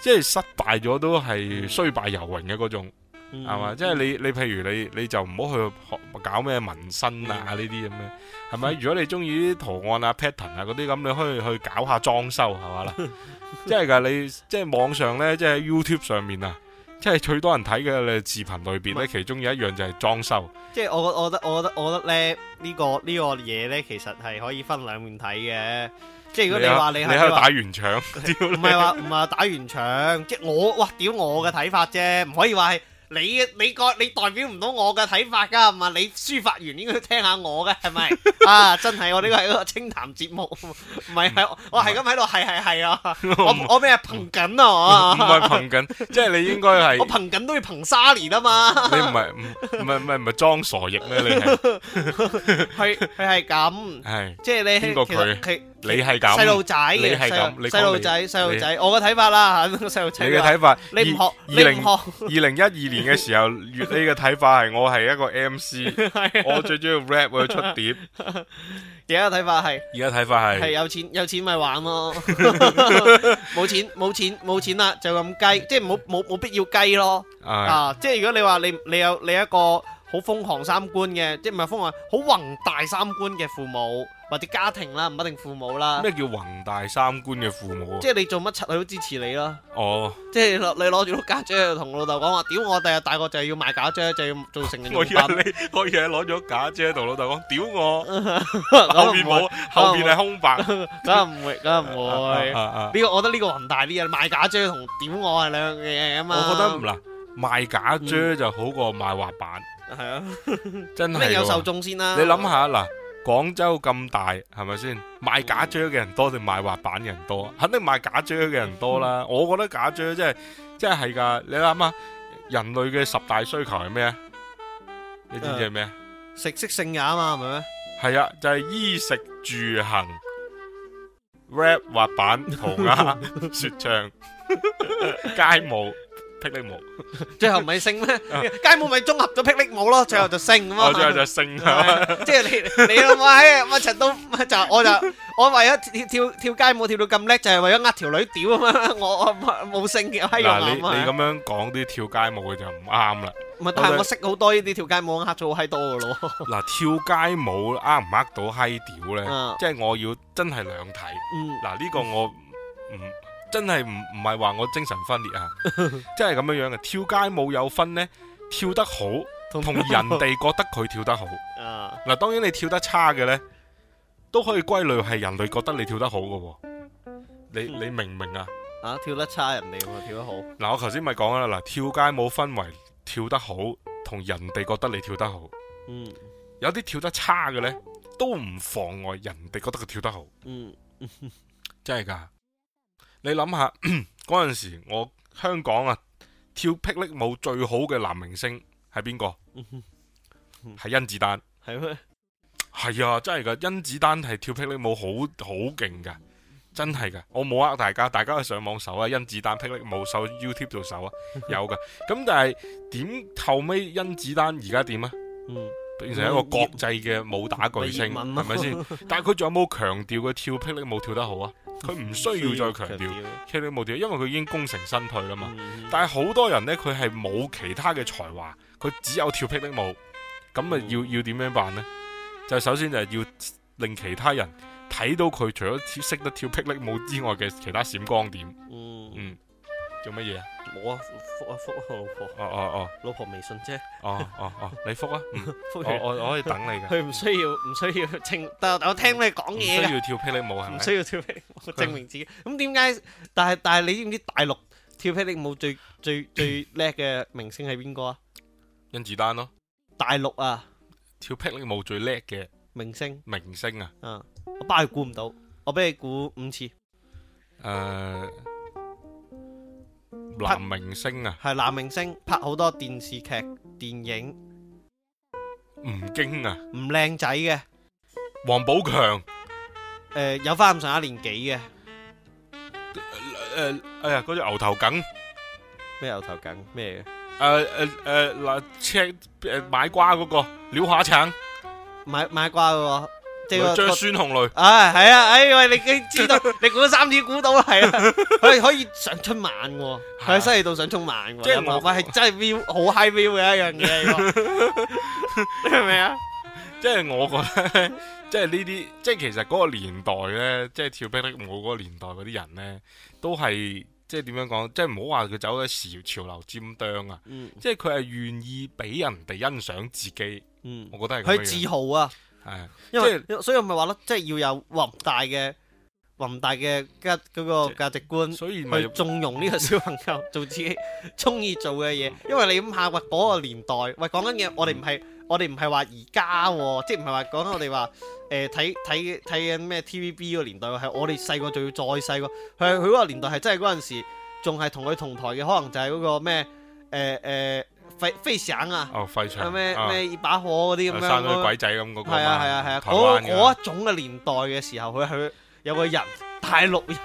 [SPEAKER 2] 即係失敗咗都係衰敗遊魂嘅嗰種。係嘛？即係你，你譬如你你就唔好去學搞咩紋身啊，呢啲咁樣係咪？是是嗯、如果你中意啲圖案啊、pattern 啊嗰啲咁，你可以去搞下裝修係嘛啦？即係你即係網上呢，即係 YouTube 上面啊，即係最多人睇嘅你視頻裏邊咧，是其中有一樣就係裝修。
[SPEAKER 3] 即係我覺得，我覺得，我覺得咧呢、呢個呢、呢個嘢呢，其實係可以分兩面睇嘅。即係如果你話你係打圓場，唔係話唔係打圓場，即係 我哇屌我嘅睇法啫，唔可以話係。你你個你代表唔到我嘅睇法㗎，係嘛？你抒發完應該聽下我嘅，係咪？啊，真係我呢個係一個清談節目，唔係係我係咁喺度，係係係啊！我我咩啊？評緊啊？我，唔係評
[SPEAKER 2] 緊，即係你應該係我評
[SPEAKER 3] 緊都要評沙莉啊嘛！你唔係唔
[SPEAKER 2] 唔唔唔裝傻亦咩？你
[SPEAKER 3] 係佢係咁，
[SPEAKER 2] 係即係你邊個佢？你係咁，細路仔，你係咁，細路仔，細路仔，
[SPEAKER 3] 我嘅睇法啦嚇，細路仔。你嘅睇法，你唔學，你唔學，
[SPEAKER 2] 二零一二年嘅時候，你嘅睇法係我係一個 MC，我最鍾意 rap，我要出碟。而家嘅睇法係，而家睇法係，係有
[SPEAKER 3] 錢有錢咪玩咯，冇錢冇錢冇錢啦，就咁雞，即係冇冇冇必要雞咯。啊，即係如果你話你你有你一個好瘋狂三觀嘅，即係唔係瘋狂，好宏大三觀嘅父母。或者家庭啦，唔一定父母啦。咩
[SPEAKER 2] 叫宏大三觀嘅父母？即係
[SPEAKER 3] 你做乜柒佢都支持你咯。
[SPEAKER 2] 哦，
[SPEAKER 3] 即係你攞住架車同老豆講，話屌我，第日大個就要賣假車，就要做成。我以你，
[SPEAKER 2] 我以你攞咗架車同老豆講屌我，後邊冇，後面係空白。梗係唔會，梗唔會。呢個我覺得呢個宏大啲啊，賣假車同屌我係兩樣嘢啊嘛。我覺得嗱，賣假車就好過賣滑板。係啊，真係咩有受眾先啦。你諗下嗱。廣州咁大係咪先，賣假 J 嘅人多定賣滑板嘅人多？肯定賣假 J 嘅人多啦。 我覺得假 J 即係即係係㗎。你諗下人類嘅十大需求係咩啊？嗯、你知唔知係咩？食色性也啊嘛係咪咩？係啊，就係、是、衣食住行、 rap 滑板、塗鴉、說 雪唱、 街舞。 霹靂舞，辟 最後咪升咩？嗯、
[SPEAKER 3] 街舞咪綜合咗霹靂舞咯，最後就勝咯。嗯、這樣 最後就勝 對 就，即係 你你咁我我成都就我就我為咗跳跳跳街舞跳到咁叻，就係、是、為咗呃條女屌啊嘛！我我冇性嘅你你咁
[SPEAKER 2] 樣講，啲跳街舞嘅就唔啱啦。唔係，但係我識好多呢啲跳街舞，吓咗好閪多噶咯。嗱，跳街舞呃唔呃到嗨屌咧？即係、嗯、我要真係兩睇。嗱、啊，呢、呢個我唔。嗯嗯嗯嗯真係唔唔係話我精神分裂啊！真係咁樣樣嘅，跳街舞有分呢，跳得好同人哋覺得佢跳得好。嗱，當然你跳得差嘅呢，都可以歸類係人類覺得你跳得好嘅。你你明唔明啊？
[SPEAKER 3] 啊，跳得差人哋跳
[SPEAKER 2] 得好。嗱，我頭先咪講啦，嗱，跳街舞分為跳得好同人哋覺得你跳得好。嗯，有啲跳得差嘅呢，都唔妨礙人哋覺得佢跳得好。嗯，真係噶。你諗下嗰陣 時，我香港啊跳霹靂舞最好嘅男明星係邊個？係 甄子丹。係咩嗎？係 啊，真係噶，甄子丹係跳霹靂舞好好勁噶，真係噶，我冇呃大家，大家去上網搜啊，甄子丹霹靂舞，搜 YouTube 度搜啊，有噶。咁 但係點後尾甄子丹而家點啊？嗯變成一個國際嘅武打巨星，係咪先？ 但係佢仲有冇強調佢跳霹靂舞跳得好啊？佢唔需要再強調霹靂舞跳， 因為佢已經功成身退啦嘛。嗯、但係好多人呢，佢係冇其他嘅才華，佢只有跳霹靂舞，咁啊要、嗯、要點樣辦呢？就是、首先就係要令其他人睇到佢除咗識得跳霹靂舞之外嘅其他閃光點。嗯，做乜嘢啊？冇啊，復啊復啊老婆，哦哦哦，老婆微信啫，哦哦哦，你復啊，我我我可以等你噶。佢
[SPEAKER 3] 唔需要唔需要聽，但我聽你講嘢，需要
[SPEAKER 2] 跳霹靂舞係咪？唔需要
[SPEAKER 3] 跳霹靂舞，證明自己。咁點解？但係但係你知唔知大陸跳霹靂舞最最最叻嘅明星係邊個啊？甄子丹咯，大陸啊，跳霹靂舞最叻嘅明星明星啊，嗯，我包佢估唔到，我俾你估五次，誒。
[SPEAKER 2] 男明星啊，
[SPEAKER 3] 係男明星拍好多電視劇、電影。
[SPEAKER 2] 吳
[SPEAKER 3] 京啊，唔靚仔嘅。
[SPEAKER 2] 王寶強，誒有翻咁上下年紀嘅。誒，哎呀，嗰隻牛
[SPEAKER 3] 頭梗咩？牛頭梗咩
[SPEAKER 2] 嘅？誒誒誒，嗱，切誒買瓜
[SPEAKER 3] 嗰個劉華強，買買瓜嗰個。張孫紅雷，哎係啊，哎喂，你知道，你估三點估到係啊，佢可以上春晚嘅，
[SPEAKER 2] 係犀利到上春晚嘅，即係毛髮
[SPEAKER 3] 係真係 view 好 high view 嘅一樣嘢，你
[SPEAKER 2] 明唔明啊？即係我覺得，即係呢啲，即係其實嗰個年代咧，即係跳霹靂舞嗰個年代嗰啲人咧，都係即係點樣講？即係唔好話佢走咗時潮流尖端啊，即係佢係願意俾人哋欣賞自己，我覺得係佢自豪
[SPEAKER 3] 啊。係是，即係所以我咪話咯，即係要有宏大嘅宏大嘅價嗰個價值觀，去縱容呢個小朋友做自己中意做嘅嘢。 因為你諗下喂嗰個年代，喂講緊嘢，我哋唔係我哋唔係話而家，即係唔係話講緊我哋話誒睇睇睇緊咩 TVB 個年代，係我哋細個仲要再細個，佢佢個年代係真係嗰陣時仲係同佢同台嘅，可能就係嗰個咩誒誒。呃呃飛
[SPEAKER 2] 飛翔啊！咩咩
[SPEAKER 3] 把火嗰啲咁樣，鬼仔咁嗰個，係啊係啊係啊，我嗰一種嘅年代嘅時候，佢佢有個人，大陸人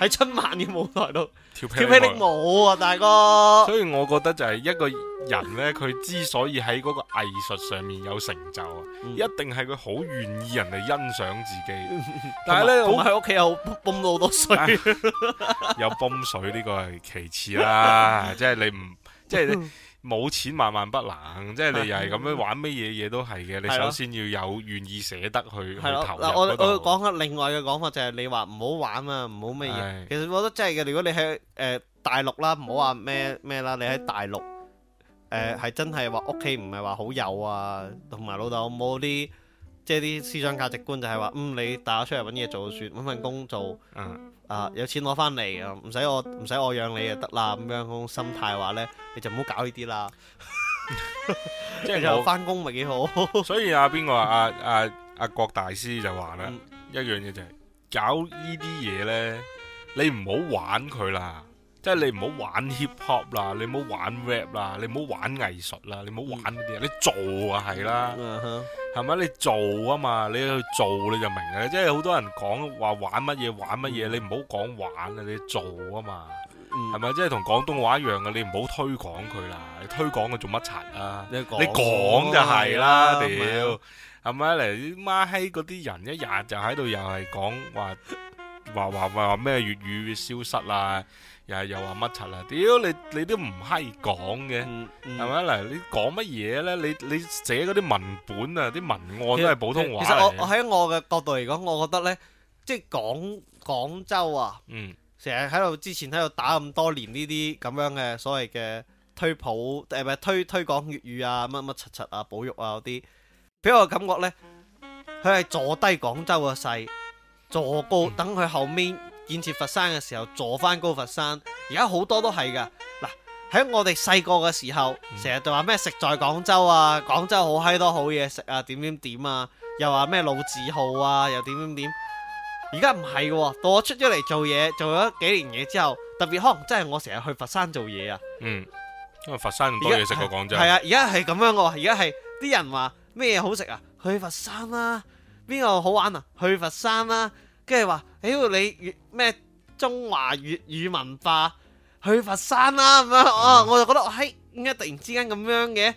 [SPEAKER 3] 喺春晚嘅舞台度
[SPEAKER 2] 跳霹靂舞
[SPEAKER 3] 啊，大哥。
[SPEAKER 2] 所以我覺得就係一個人咧，佢之所以喺嗰個藝術上面有成就啊，一定係佢好願意人哋欣賞自己。
[SPEAKER 3] 但係咧，好，喺屋企又泵到好多水，
[SPEAKER 2] 有泵水呢個係其次啦，即係你唔即係。冇錢萬萬不能，啊、即係你又係咁樣玩乜嘢嘢都係嘅。的你首先要有願意捨得去，的去投入嗰度嗱，我我
[SPEAKER 3] 講下另外嘅講法就係、是、你話唔好玩啊，唔好乜嘢。的其實我覺得真係嘅，如果你喺誒、呃、大陸啦，唔好話咩咩啦，你喺大陸誒係、呃、真係話屋企唔係話好有啊，同埋老豆冇啲即係啲思想價值觀就係話，嗯，你大家出嚟揾嘢做就算，揾份工做。嗯啊！有錢攞翻嚟啊！唔使我唔使我養你就得啦！咁樣嗰種心態話咧，你就唔好搞呢啲啦， 即係就翻工
[SPEAKER 2] 咪幾好。 所以阿邊個啊啊啊郭，啊、大師就話啦，嗯，一樣嘢就係，是，搞呢啲嘢咧，你唔好玩佢啦。即係你唔好玩 hip hop 啦，你唔好玩 rap 啦，你唔好玩藝術啦，你唔好玩嗰啲啊！你做啊係啦，係咪？你做啊嘛，你去做你就明嘅。即係好多人講話玩乜嘢玩乜嘢，你唔好講玩啊，你做啊嘛，係咪？即係同廣東話一樣嘅，你唔好推廣佢啦，推廣佢做乜柒啊？你講就係啦，屌係咪？嚟啲媽閪嗰啲人，一日就喺度又係講話話話話咩粵語消失啊？又又話乜柒啦？屌你你都唔閪講嘅，係咪嗱，你講乜嘢呢？你呢你，你寫嗰啲文本啊，啲文案都係普通話。其實我喺我嘅角度嚟講，我覺得呢，
[SPEAKER 3] 即係廣廣州啊，成日喺度之前喺度打咁多年呢啲咁樣嘅所謂嘅推普誒，唔係推推廣粵語啊，乜乜柒柒啊，保育啊嗰啲，俾我感覺呢，佢係坐低廣州個勢，坐高等佢後面、嗯。建設佛山嘅時候坐翻高佛山，而家好多都係噶。嗱，喺我哋細個嘅時候，成日就話咩食在廣州啊，廣州好閪多好嘢食啊，點點點啊，又話咩老字號啊，又點點點。而家唔係噶，到我出咗嚟做嘢，做咗幾年嘢之後，特別可能真係我成日去佛山做嘢啊。嗯，因為佛山多嘢食過廣州。係啊，而家係咁樣噶，而家係啲人話咩嘢好食啊？去佛山啦，啊，邊個好玩啊？去佛山啦，啊。跟住話：誒你粵咩中華粵語文化去佛山啦咁樣哦，我就覺得我嘿點解突然之間咁樣嘅？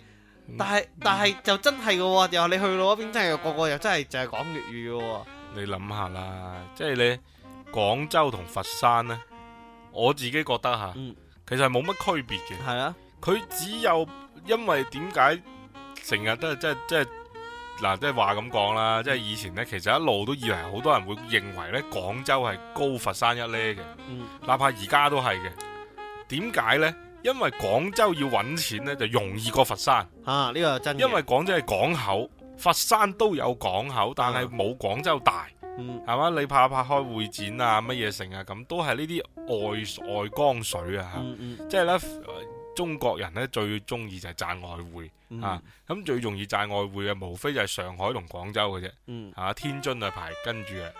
[SPEAKER 3] 但係但係就
[SPEAKER 2] 真係嘅喎，又你去到嗰邊真係個個又真係就係講粵語嘅喎。你諗下啦，即係你廣州同佛山呢，我自己覺得嚇，其實冇乜區別嘅。係啊，佢只有因為點解成日都係即係即係。嗱，即係話咁講啦，即係以前呢，其實一路都以為好多人會認為呢，廣州係高佛山一呢嘅，嗯、哪怕而家都係嘅。點解呢？因為廣州要揾錢呢，就容易過佛山。嚇、啊，呢個真。因為廣州係港口，佛山都有港口，但係冇廣州大，係嘛、嗯？你怕怕開會展啊，乜嘢成啊？咁都係呢啲外外江水啊，嗯嗯、即係呢。中國人咧最中意就係賺外匯、嗯、啊！咁最容易賺外匯嘅，無非就係上海同廣州嘅啫。嚇、嗯啊，天津啊排跟住嘅，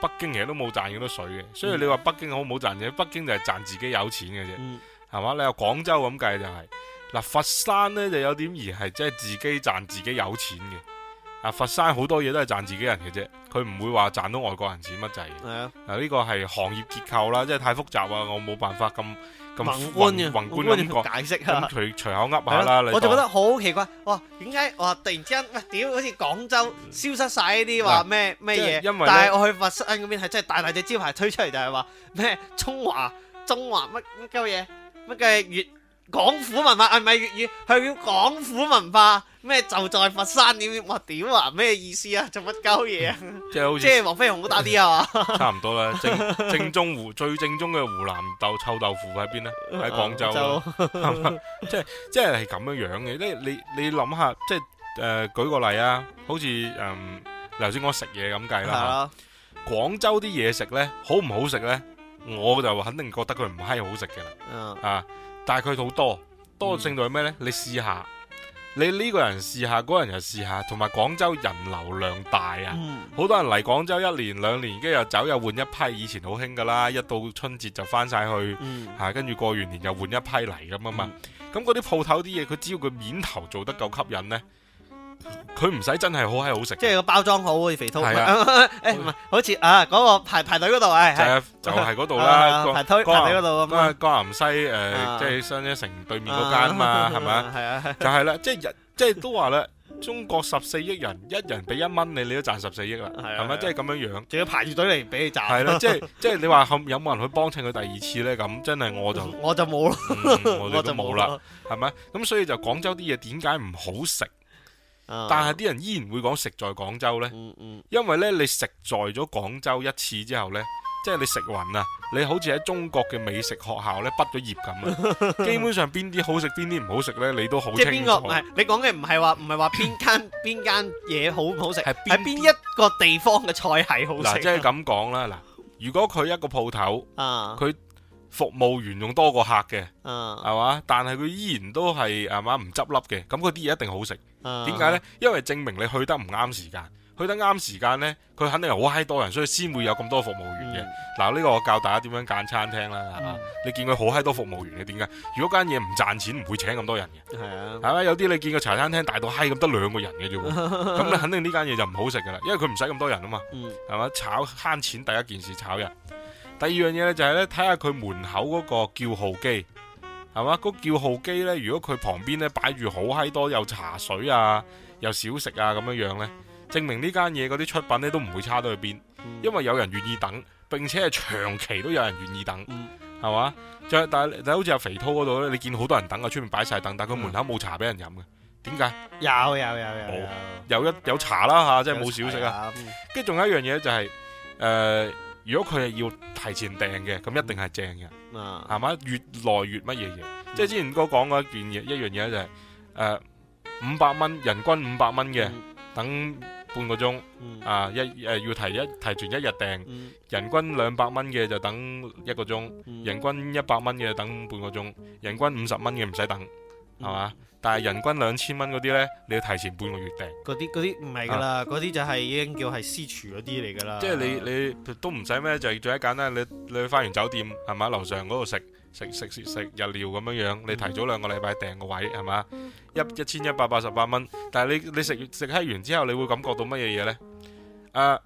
[SPEAKER 2] 北京其實都冇賺幾多水嘅。所以你話北京好唔好賺啫？北京就係賺自己有錢嘅啫，係嘛、嗯？你話廣州咁計就係、是、嗱、啊，佛山咧就有點而係即係自己賺自己有錢嘅。啊，佛山好多嘢都係賺自己人嘅啫，佢唔會話賺到外國人錢乜滯。係啊，嗱呢個係行業結構啦，即係太複雜啊，我冇辦法咁。咁宏宏觀咁講，佢、啊、隨口噏下啦。啊、我就覺得
[SPEAKER 3] 好奇怪，哇！點解哇？突然之間喂，屌，好似廣州消失晒、嗯、呢啲話咩咩嘢？但係我去佛山嗰邊係真係大大隻招牌推出嚟就係話咩？中華、中華乜乜鳩嘢？乜嘅月？廣府文化係咪粵語？係叫廣府文化咩？就在佛山點點？我屌啊！咩意思啊？做乜鳩嘢啊？即係、 就是、好似即係黃飛鴻好打啲啊？
[SPEAKER 2] 差唔多啦，正正宗湖最正宗嘅湖南豆臭豆腐喺邊呢？喺廣州即係即係係咁樣樣嘅。你你你諗下，即係誒舉個例、呃、ahí, 啊，hmm, yeah. 好似誒頭先講食嘢咁計啦。廣州啲嘢食呢，好唔好食呢？我就肯定覺得佢唔係好食嘅啦。啊。但係佢好多，多到程度係咩呢？嗯、你試下，你呢個人試下，嗰、那個、人又試下，同埋廣州人流量大啊，好、嗯、多人嚟廣州一年兩年，跟住又走又換一批。以前好興㗎啦，一到春節就翻晒去，嚇、嗯啊，跟住過完年又換一批嚟咁啊嘛。咁嗰啲鋪頭啲嘢，佢只要佢面頭做得夠吸引呢。佢唔使真係好係好食，即係個包裝好，肥推。係啊，好似啊，嗰個排排隊嗰度，係就係嗰度啦，排隊排嗰度。江南西誒，即係新一城對面嗰間啊嘛，係咪？係啊，就係啦，即係即係都話啦，中國十四億人，一人俾一蚊你，你都賺十四億啦，係咪？即係咁樣樣，仲要排住隊嚟俾你賺。係啦，即係即係你話有冇人去幫襯佢第二次咧？咁真係我就我就冇咯，我就冇啦，係咪？咁所以就廣州啲嘢點解唔好食？但係啲人依然會講食在廣州呢，嗯嗯、因為呢，你食在咗廣州一次之後呢，即係你食勻啊，你好似喺中國嘅美食學校呢，畢咗業咁啊。 基本上邊啲好食邊啲唔好食呢，你都好清楚。你講嘅唔係話唔係話邊
[SPEAKER 3] 間邊間嘢好唔好食，係係邊一個地
[SPEAKER 2] 方嘅菜係好食啊。即係咁講啦。嗱，如果佢一個鋪頭佢。啊服務員用多過客嘅，係嘛？但係佢依然都係係嘛唔執笠嘅，咁佢啲嘢一定好食。點解呢？因為證明你去得唔啱時間，去得啱時間呢，佢肯定係好嗨多人，所以先會有咁多服務員嘅。嗱，呢個我教大家點樣揀餐廳啦，你見佢好嗨多服務員嘅，點解？如果間嘢唔賺錢，唔會請咁多人
[SPEAKER 1] 嘅。
[SPEAKER 2] 係啊，有啲你見個茶餐廳大到嗨咁，得兩個人嘅啫喎，咁你肯定呢間嘢就唔好食噶喇，因為佢唔使咁多人啊嘛。係嘛？炒慳錢第一件事炒人。第二樣嘢咧就係咧睇下佢門口嗰個叫號機係嘛？嗰叫號機咧，如果佢旁邊咧擺住好閪多有茶水啊，有小食啊咁樣樣咧，證明呢間嘢嗰啲出品咧都唔會差到去邊，因為有人願意等，並且係長期都有人願意等，係嘛？就但係但係好似阿肥濤嗰度咧，你見好多人等啊，出面擺晒凳，但係佢門口冇茶俾人飲嘅，點解？
[SPEAKER 3] 有有有有有，有，
[SPEAKER 2] 有一有茶啦吓，即係冇小食啊。跟住仲有一樣嘢就係、是、誒。呃如果佢係要提前訂嘅，咁一定係正嘅，係嘛、啊？越來越乜嘢嘢，嗯、即係之前哥講過一件嘢，一樣嘢就係、是，誒五百蚊人均五百蚊嘅，等半個鐘，嗯、啊一誒、呃、要提一提前一日訂，嗯、人均兩百蚊嘅就等一個鐘、嗯，人均一百蚊嘅等半個鐘，人均五十蚊嘅唔使等，係嘛、嗯？但係人均兩千蚊嗰啲呢，你要提前半個月訂。
[SPEAKER 3] 嗰啲嗰啲唔係㗎喇，嗰啲、啊、就係已經叫
[SPEAKER 2] 係私廚嗰啲嚟㗎喇。即係你你都唔使咩，就最，最簡單，你你去返完酒店係嘛，樓上嗰度食食食食日料咁樣樣，你提早兩個禮拜訂個位係嘛，一一千一百八十八蚊。但係你你食食喺完之後，你會感覺到乜嘢嘢呢？誒、啊，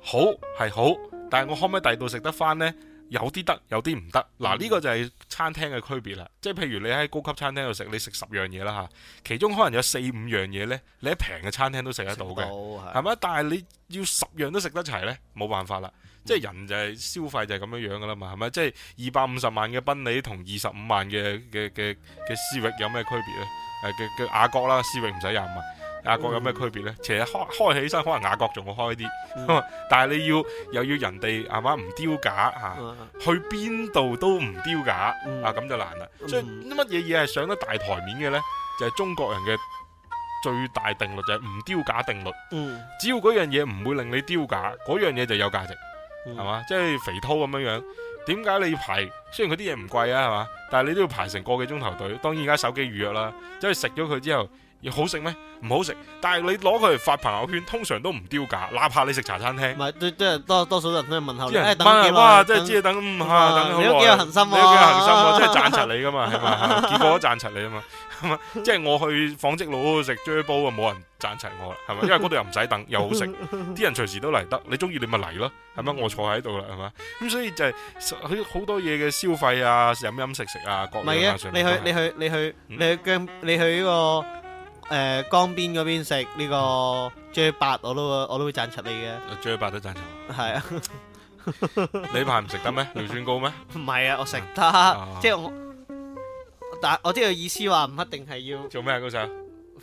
[SPEAKER 2] 好係好，但係我可唔可以第度食得返呢？有啲得，有啲唔得。嗱、啊，呢、這個就係餐廳嘅區別啦。即係譬如你喺高級餐廳度食，你食十樣嘢啦嚇，其中可能有四五樣嘢呢，你喺平嘅餐廳都食得到嘅，係咪？但係你要十樣都食得齊呢，冇辦法、就是呃、啦。即係人就係消費就係咁樣樣噶啦嘛，係咪？即係二百五十萬嘅賓利同二十五萬嘅嘅嘅嘅思域有咩區別呢？誒嘅嘅雅閣啦，思域唔使廿五萬。亞國有咩區別呢？其實開開起身可能亞國仲會開啲，嗯、但係你要又要人哋係咪唔丟架嚇，去邊度都唔丟架啊，咁、嗯啊、就難啦。嗯、所以乜嘢嘢係上得大台面嘅呢？就係、是、中國人嘅最大定律就係、是、唔丟架定律。嗯、只要嗰樣嘢唔會令你丟架，嗰樣嘢就有價值，係咪、嗯？即係、就是、肥兔咁樣樣，點解你要排？雖然佢啲嘢唔貴啊，係咪？但係你都要排成個幾鐘頭隊。當然而家手機預約啦，即係食咗佢之後。又好食咩？唔好食，但係你攞佢嚟發朋友圈，通常都唔丟架，哪怕你食茶餐廳。唔係，都都多多數人都係問候你。唔等哇！即係只係等，吓等好耐。你都幾有恒心？你都幾有恒心？即係讚齊你噶嘛，係嘛？結果都讚齊你啊嘛。即係我去紡織路食 j a 煲啊，冇人讚齊我啦，係嘛？因為嗰度又唔使等，又好食，啲人隨時都嚟得。你中意你咪嚟咯，係嘛？我坐喺度啦，係嘛？咁所以就係好多嘢嘅消費啊，飲飲食食啊，各樣。唔你去你去
[SPEAKER 3] 你去你去，你去呢個。誒，江邊嗰邊食呢個最白，我都我都會讚出你嘅。最白都讚出。係啊。禮拜唔食得咩？尿酸高咩？唔係啊，我食得，即係
[SPEAKER 2] 我。但係我知佢意思話唔一定係要。做咩啊，高 Sir？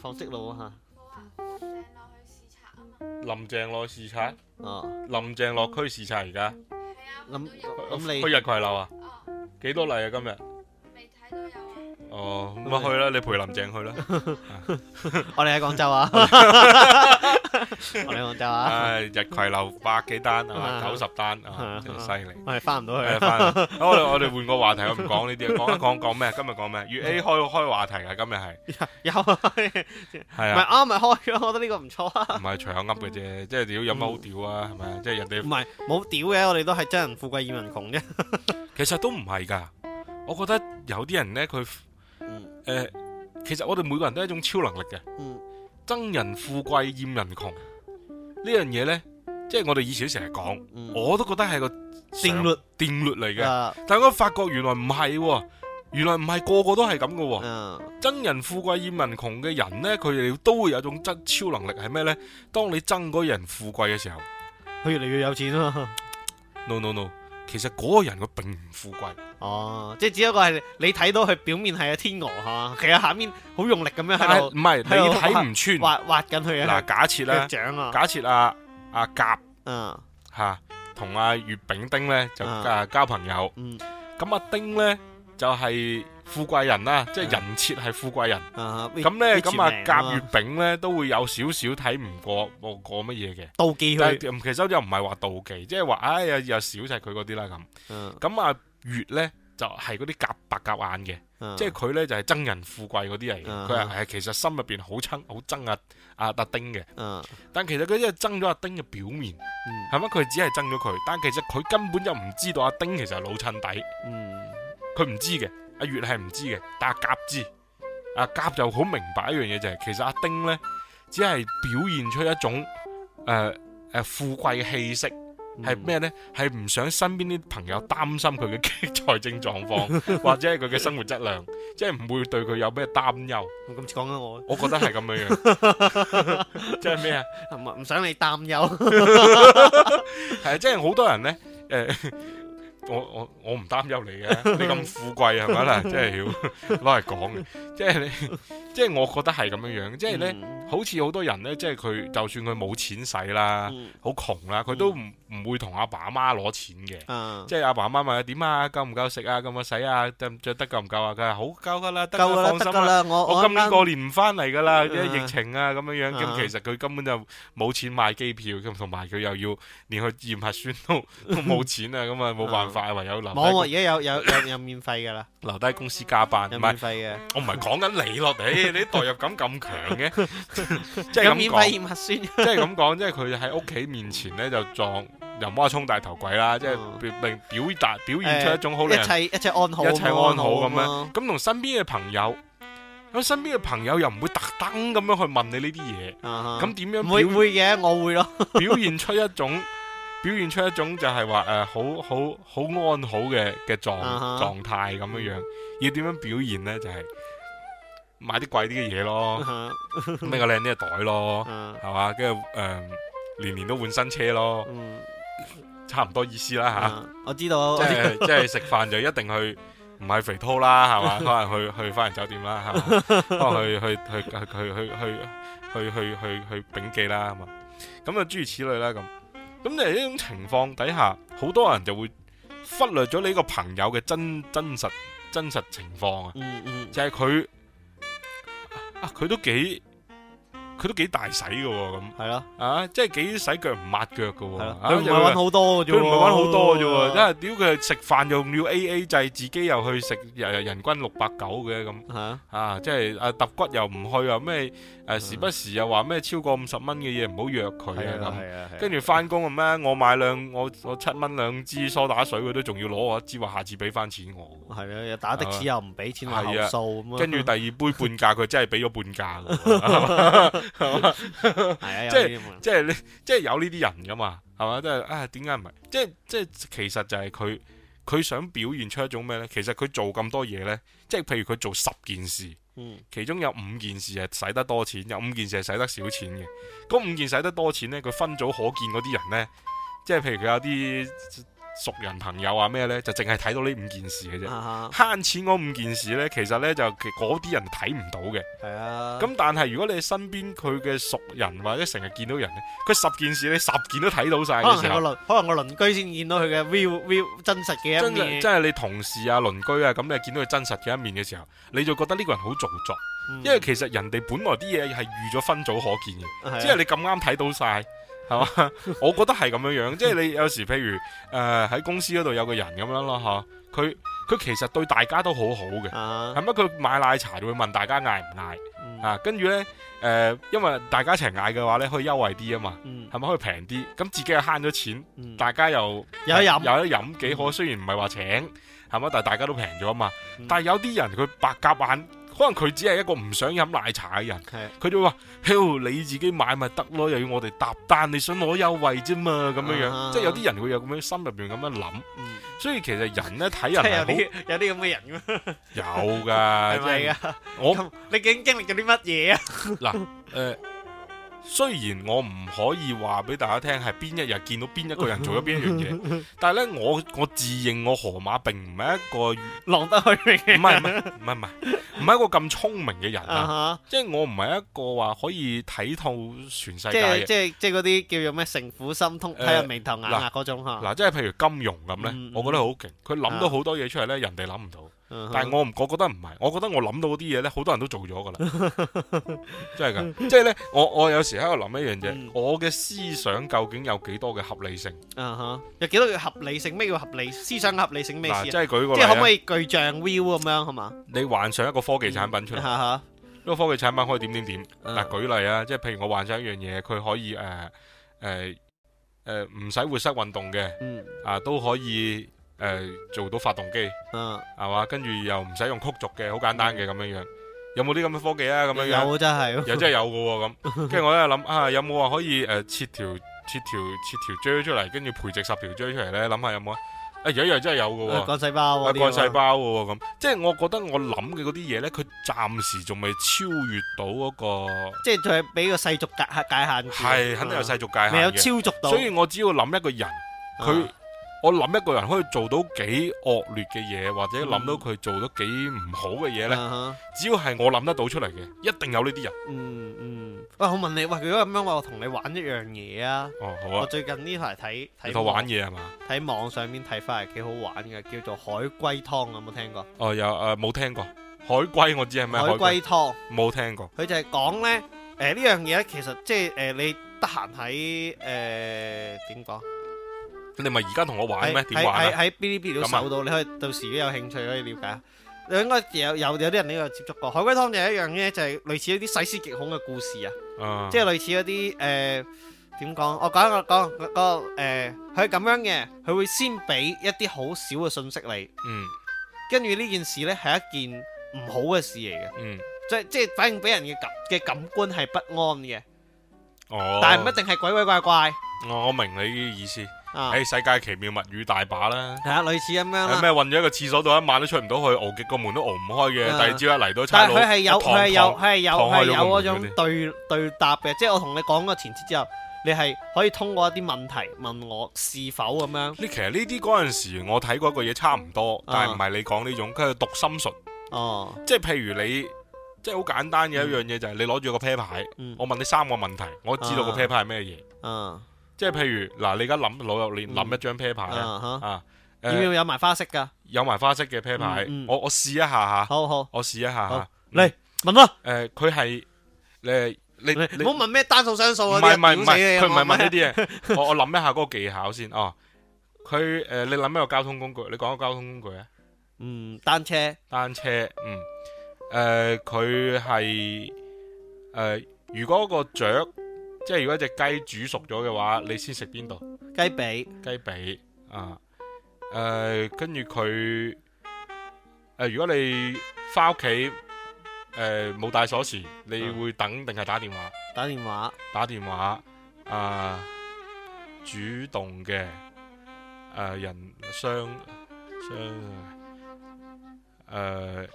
[SPEAKER 2] 訪積老吓。林鄭落去視察啊嘛。林鄭落視察。哦。林鄭落區視察而家。係啊。林咁你去日葵樓啊？哦。幾多例啊？今日？未睇到有。哦，咁咪去啦！你陪林鄭去啦。
[SPEAKER 3] 我哋喺廣州啊，我哋喺廣州啊。唉，日葵流
[SPEAKER 2] 百幾單啊，九十單啊，犀利。我哋翻唔到去。咁我哋我哋換個話題，我唔講呢啲，講一講講咩？今日講咩？粵 A 開開話題啊！今日係有係啱
[SPEAKER 3] 咪開咗？我覺得呢個唔錯啊。
[SPEAKER 2] 唔係搶噏嘅啫，即係屌，有乜好屌啊，係咪？即係人哋唔係冇屌嘅，我哋都係真人富貴，以民窮啫。其實都唔係噶，我覺得有啲人咧，佢。誒，嗯、其實我哋每個人都係一種超能力嘅，憎人富貴厭人窮呢樣嘢咧，即係我哋以前成日講，嗯、我都覺得係個定律定律嚟嘅。啊、但係我發覺原來唔係，哦，原來唔係個個都係咁嘅。憎、啊、人富貴厭人窮嘅人咧，佢哋都會有一種質超能力係咩咧？當你憎嗰人富貴嘅時候，佢越嚟越有錢咯。 no no no, no。No, no. 其實嗰個人佢並唔富貴哦，即係只不過係你睇到佢
[SPEAKER 3] 表面係個天鵝吓、啊，其實下面好用力咁樣喺度，唔係你睇唔穿挖挖緊佢啊！嗱、啊，假設咧，掌啊、假
[SPEAKER 2] 設阿阿甲嗯吓同阿月丙丁咧就誒交朋友，咁阿、啊嗯啊、丁咧就係、是。富貴人啦，即係人設係富貴人咁咧，咁啊甲乙丙咧都會有少少睇唔過，我過乜嘢嘅妒忌其實又唔係話妒忌，即係話哎呀又少晒佢嗰啲啦咁。咁啊乙咧就係嗰啲夾白夾眼嘅，即係佢咧就係憎人富貴嗰啲嚟嘅。佢係其實心入邊好憎好憎阿阿阿丁嘅，但其實佢即係憎咗阿丁嘅表面係咪？佢只係憎咗佢，但其實佢根本就唔知道阿丁其實係老襯底，佢唔知嘅。阿月係唔知嘅，但阿甲知，阿甲就好明白一樣嘢就係，其實阿丁咧只係表現出一種誒誒、呃啊、富貴嘅氣息，係咩咧？係唔想身邊啲朋友擔心佢嘅財政狀況，嗯、或者係佢嘅生活質量，即係唔會對佢有咩擔憂。咁次講緊我，我覺得係咁樣樣，即係咩啊？唔唔想你擔憂，係啊！即係好多人咧，誒。 我我我唔擔憂你嘅、啊，你咁富貴係咪啊？即係要攞嚟講嘅，即係你，即係我覺得係咁樣樣，即係咧，嗯、好似好多人咧，即係佢就算佢冇錢使啦，好、嗯、窮啦，佢都唔，嗯嗯唔會同阿爸阿媽攞錢嘅，即係阿爸阿媽問：點啊？夠唔夠食啊？咁啊，使啊，着得夠唔夠啊？佢話好夠嘅啦，夠啦，放心啦。我我今年過年唔翻嚟嘅啦，因為疫情啊咁樣樣。咁其實佢根本就冇錢買機票，咁同埋佢又要連去驗核酸都冇錢啊，咁啊冇辦法，唯有留。冇啊！而家有有有免費嘅啦，留低公司加班。免費嘅。我唔係講緊你落嚟，你代入感咁強嘅，即係咁講免費驗核酸。即係咁講，即係佢喺屋企面前咧就撞。又唔好沖大頭鬼啦，即係表表達表現出一種好一切一切安好，一切安好咁樣。咁同身邊嘅朋友，咁身邊嘅朋友又唔會特登咁樣去問你呢啲嘢。咁點樣？會會嘅，我會咯。表現出一種表現出一種就係話誒，好好好安好嘅嘅狀狀態咁樣樣。要點樣表現呢？就係買啲貴啲嘅嘢咯，拎個靚啲嘅袋咯，係嘛？跟住誒，年年都換新車咯。差唔多意思啦嚇，我知道。即係即係食飯就一定去，唔係肥濤啦，係嘛？可能去去花園酒店啦，吓，可能去去去去去去去去去去炳記啦，咁啊，咁啊諸如此類啦，咁，咁你係呢種情況底下，好多人就會忽略咗你個朋友嘅真真實真實情況啊，嗯嗯，就係佢啊，佢都幾。佢都幾大使嘅，咁，係咯，啊，即係幾洗腳唔抹腳嘅，佢好多佢唔係搵好多嘅啫，因為屌佢食飯用要 A A 制，自己又去食人均六百九嘅，咁，啊，即係啊揼骨又唔去啊咩，誒，時不時又話咩超過五十蚊嘅嘢唔好約佢，跟住翻工咁咩，我買兩我我七蚊兩支梳打水，佢都仲要攞我一支，話下次俾翻錢我，係啊，又打的士又唔俾錢話投訴，跟住第二杯半價，佢真係俾咗半價。係嘛？係啊、就是，即係即係呢，即係有呢啲人噶嘛，係嘛？即係啊，點解唔係？即係即係，其實就係佢佢想表現出一種咩咧？其實佢做咁多嘢咧，即係譬如佢做十件事，嗯，其中有五件事係使得多錢，有五件事係使得少錢嘅。嗰五件事使得多錢咧，佢分組可見嗰啲人咧，即係譬如佢有啲。熟人朋友啊咩咧，就淨係睇到呢五件事嘅啫。慳、啊、哈、錢嗰五件事咧，其實咧就嗰啲人睇唔到嘅。係啊。咁但係如果你身邊佢嘅熟人或者成日見到人咧，佢十件事你十件都睇到晒。可能係個鄰，可能個鄰居先見到佢嘅真實嘅一面。即係你同事啊鄰居啊咁你見到佢真實嘅一面嘅時候，你就覺得呢個人好做作，嗯、因為其實人哋本來啲嘢係預咗分組可見嘅，即係、嗯、你咁啱睇到晒。係嘛？ 我覺得係咁樣樣，即係你有時譬如誒喺、呃、公司嗰度有個人咁樣咯吓，佢、啊、佢其實對大家都好好嘅，係咪佢買奶茶就會問大家嗌唔嗌？嗯、啊，跟住呢，誒、呃，因為大家一齊嗌嘅話呢，可以優惠啲啊嘛，係咪、嗯、可以平啲？咁自己又慳咗錢，嗯、大家又又有得飲幾好，雖然唔係話請，係咪、嗯？但係大家都平咗啊嘛。但係有啲人佢白鴿眼。可能佢只係一個唔想飲奶茶嘅人，佢是的 就話，妖、hey, 你自己買咪得咯，又要我哋搭單，你想攞優惠啫嘛，咁樣樣，uh huh. 即係有啲人會有咁樣心入邊咁樣諗。Uh huh. 所以其實人咧睇人係好，有啲咁嘅人 有噶的，係咪 啊？就是、 我你究竟經經歷咗啲乜嘢啊？嗱， 誒、呃。雖然我唔可以話俾大家聽係邊一日見到邊一個人做咗邊一樣嘢， 但係咧我我自認我河馬並唔係一個浪得虛名，唔係唔係唔係唔係一個咁聰明嘅人啊，即係、uh huh. 我唔係一個話可以睇透全世界嘅，即係
[SPEAKER 3] 即係嗰啲叫做咩城府心通睇、呃、人眉頭眼眼嗰種吓，嗱、
[SPEAKER 2] 呃種呃、即係譬如金融咁咧，嗯、我覺得好勁，佢諗、嗯、到好多嘢出嚟咧，人哋諗唔到。但係我唔，我覺得唔係，我覺得我諗到啲嘢咧，好多人都做咗噶啦，真係噶，即係咧，我我有時喺度諗一樣嘢，嗯、我嘅思想究竟有幾多嘅合理性？嗯、啊哈，有幾多嘅合理
[SPEAKER 3] 性？咩叫合理？思想合理性咩意思？即係舉個，即係可唔可以具象 view 咁、啊、樣係嘛？
[SPEAKER 2] 你幻想一個科技產品出嚟，呢吓，嗯，嗯啊、個科技產品可以點點點？嗱，舉例啊，即係譬如我幻想一樣嘢，佢可以誒誒誒唔使活塞運動嘅，啊、嗯呃呃、都可以。誒、呃，做到發動機，嗯、啊，係嘛，跟住又唔使用曲軸嘅，好簡單嘅咁樣樣，有冇啲咁嘅科技啊？咁樣樣有真係， 又真係有嘅咁。跟住 我咧諗啊，有冇話可以誒，切條切條切條椎出嚟，跟住培植十條椎出嚟咧？諗下有冇啊？啊，有，有、呃、一樣、哎、真係有嘅，幹細、哎、胞，幹細、啊、胞嘅咁。即係、啊啊啊就是、我覺得我諗嘅嗰啲嘢咧，佢暫時仲未超越到嗰、那個，
[SPEAKER 3] 即係佢係俾個世俗界界限，係肯定有世俗界限嘅，嗯、未有超足到。所以
[SPEAKER 2] 我只要諗一個人，佢、嗯。我諗一個人可以做到幾惡劣嘅嘢，或者諗到佢做到幾唔好嘅嘢咧，只要係我諗得到出嚟嘅，一定有呢啲人。
[SPEAKER 3] 嗯嗯，喂，我問你，喂，如果咁樣話，我同你玩一樣嘢啊？哦，好啊。我最近呢排睇睇，同我玩嘢係嘛？睇網上面睇翻係幾好玩嘅，叫做海龜湯啊，有冇聽過？
[SPEAKER 2] 哦，有誒，冇聽過。海龜我知係咩？海龜湯冇聽過。
[SPEAKER 3] 佢就係講咧，誒呢樣嘢咧，其實即係誒你得閒喺誒點講？
[SPEAKER 2] 你咪而家同我玩咩？點玩啊？喺嗶哩嗶哩都搜到，係係啊，
[SPEAKER 3] 你可以到時，如果有興趣可以了解。你應該有有有啲人你應接觸過《海龜湯》就係一樣咧，就係類似一啲細思極恐嘅故事啊，即係類似嗰啲誒，點講？我講我講個誒，佢咁，呃、樣嘅，佢會先俾一啲好少嘅信息你，嗯，跟住呢件事呢，係一件唔
[SPEAKER 2] 好嘅事嚟嘅，嗯
[SPEAKER 3] 即，即即係反映俾人嘅感嘅感官係不安嘅，
[SPEAKER 2] 哦，但係唔一定係鬼鬼怪怪。我明你意思。誒，世界奇妙物語大把啦，係啊，類似咁樣。有咩混咗一個廁所度一晚都出唔到去，傲極個門都熬唔開嘅，第二朝一嚟到差佬。但佢係有，佢係有，係有，係有嗰種
[SPEAKER 3] 對對答嘅，即係我同你講個前提之後，你係可以通過
[SPEAKER 2] 一啲問題問我是否咁樣。你其實呢啲嗰陣時我睇過一個嘢差唔多，但係唔係你講呢種，佢係讀心術。哦，即係譬如你，即係好簡單嘅一樣嘢就係你攞住個啤牌，我問你三個問題，我知道個啤牌係咩嘢。嗯。即係譬如嗱，你而家諗攞入，你諗一張啤牌啊，要唔要有埋花式噶？有埋花式嘅啤牌，我我試一下吓，好好，我試一下吓，嚟問咯。誒，佢係誒你你唔好問咩單數雙數嗰啲，唔係唔係，佢唔係問呢啲嘢。我我諗一下嗰個技巧先哦。佢誒，你諗一個交通工具，你講個交通工具啊？嗯，單車。單車，嗯，誒，佢係誒，如果個雀。即係如果隻雞煮熟咗嘅話，你先食邊度？雞髀腿。雞髀啊，誒、呃，跟住，佢誒，如果你翻屋企誒冇帶鎖匙，你會等定係打電話？打電話。打電話啊，主動嘅誒、啊、人傷傷誒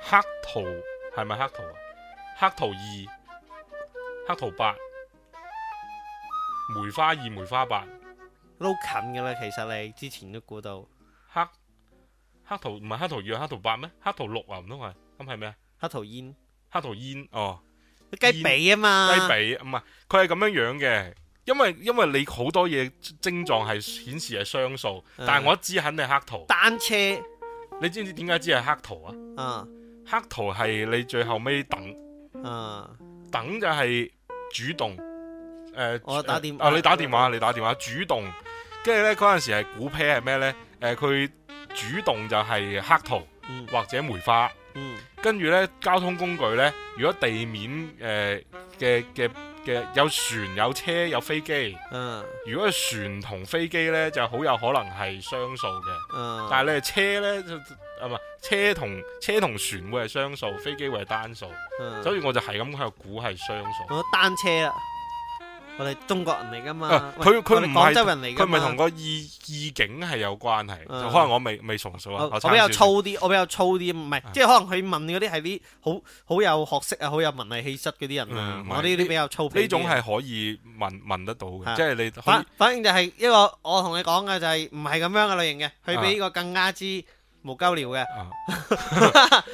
[SPEAKER 2] 黑桃係咪黑桃啊？黑桃二。是黑桃八，梅花二，梅花八，撈近噶啦。其實你之前都估到黑黑桃唔係黑桃二，黑桃八咩？黑桃六啊，唔通係咁係咩啊？黑桃煙，黑桃煙哦，雞髀啊嘛，雞髀唔係佢係咁樣樣嘅，因為因為你好多嘢症狀係顯示係雙數，嗯、但係我知肯定係黑桃單車，你知唔知點解知係黑桃啊？嗯，黑桃係你最後尾等，嗯。嗯嗯等就係主動，誒、呃，我打電，呃、啊你打電話，打電話你打電話主動，跟住咧嗰陣時係古 pair 係咩咧？誒、呃、佢主動就係黑桃，嗯、或者梅花，跟住咧交通工具咧，如果地面誒嘅嘅嘅有船有車有飛機，嗯、如果係船同飛機咧，就好有可能係雙數嘅，但係你係車咧就唔係，車同車同船會係雙數，飛機會係單數，所以我就係咁喺度估係雙數。
[SPEAKER 3] 我單車啊，我哋中國人嚟噶嘛？佢佢唔係廣州人嚟嘅。佢咪同個意
[SPEAKER 2] 意境係有關係？可能我未未從數啊。我比較粗
[SPEAKER 3] 啲，我比較粗啲，唔係，即係可能佢問嗰啲係啲好好有學識啊，好有文藝氣質嗰啲人
[SPEAKER 2] 啊，我呢啲比較粗。呢種係可以問問得到嘅，即係你反
[SPEAKER 3] 反正就係一個我同你講嘅就係唔係咁樣嘅類型嘅，佢俾個更加之。
[SPEAKER 2] 冇交料嘅，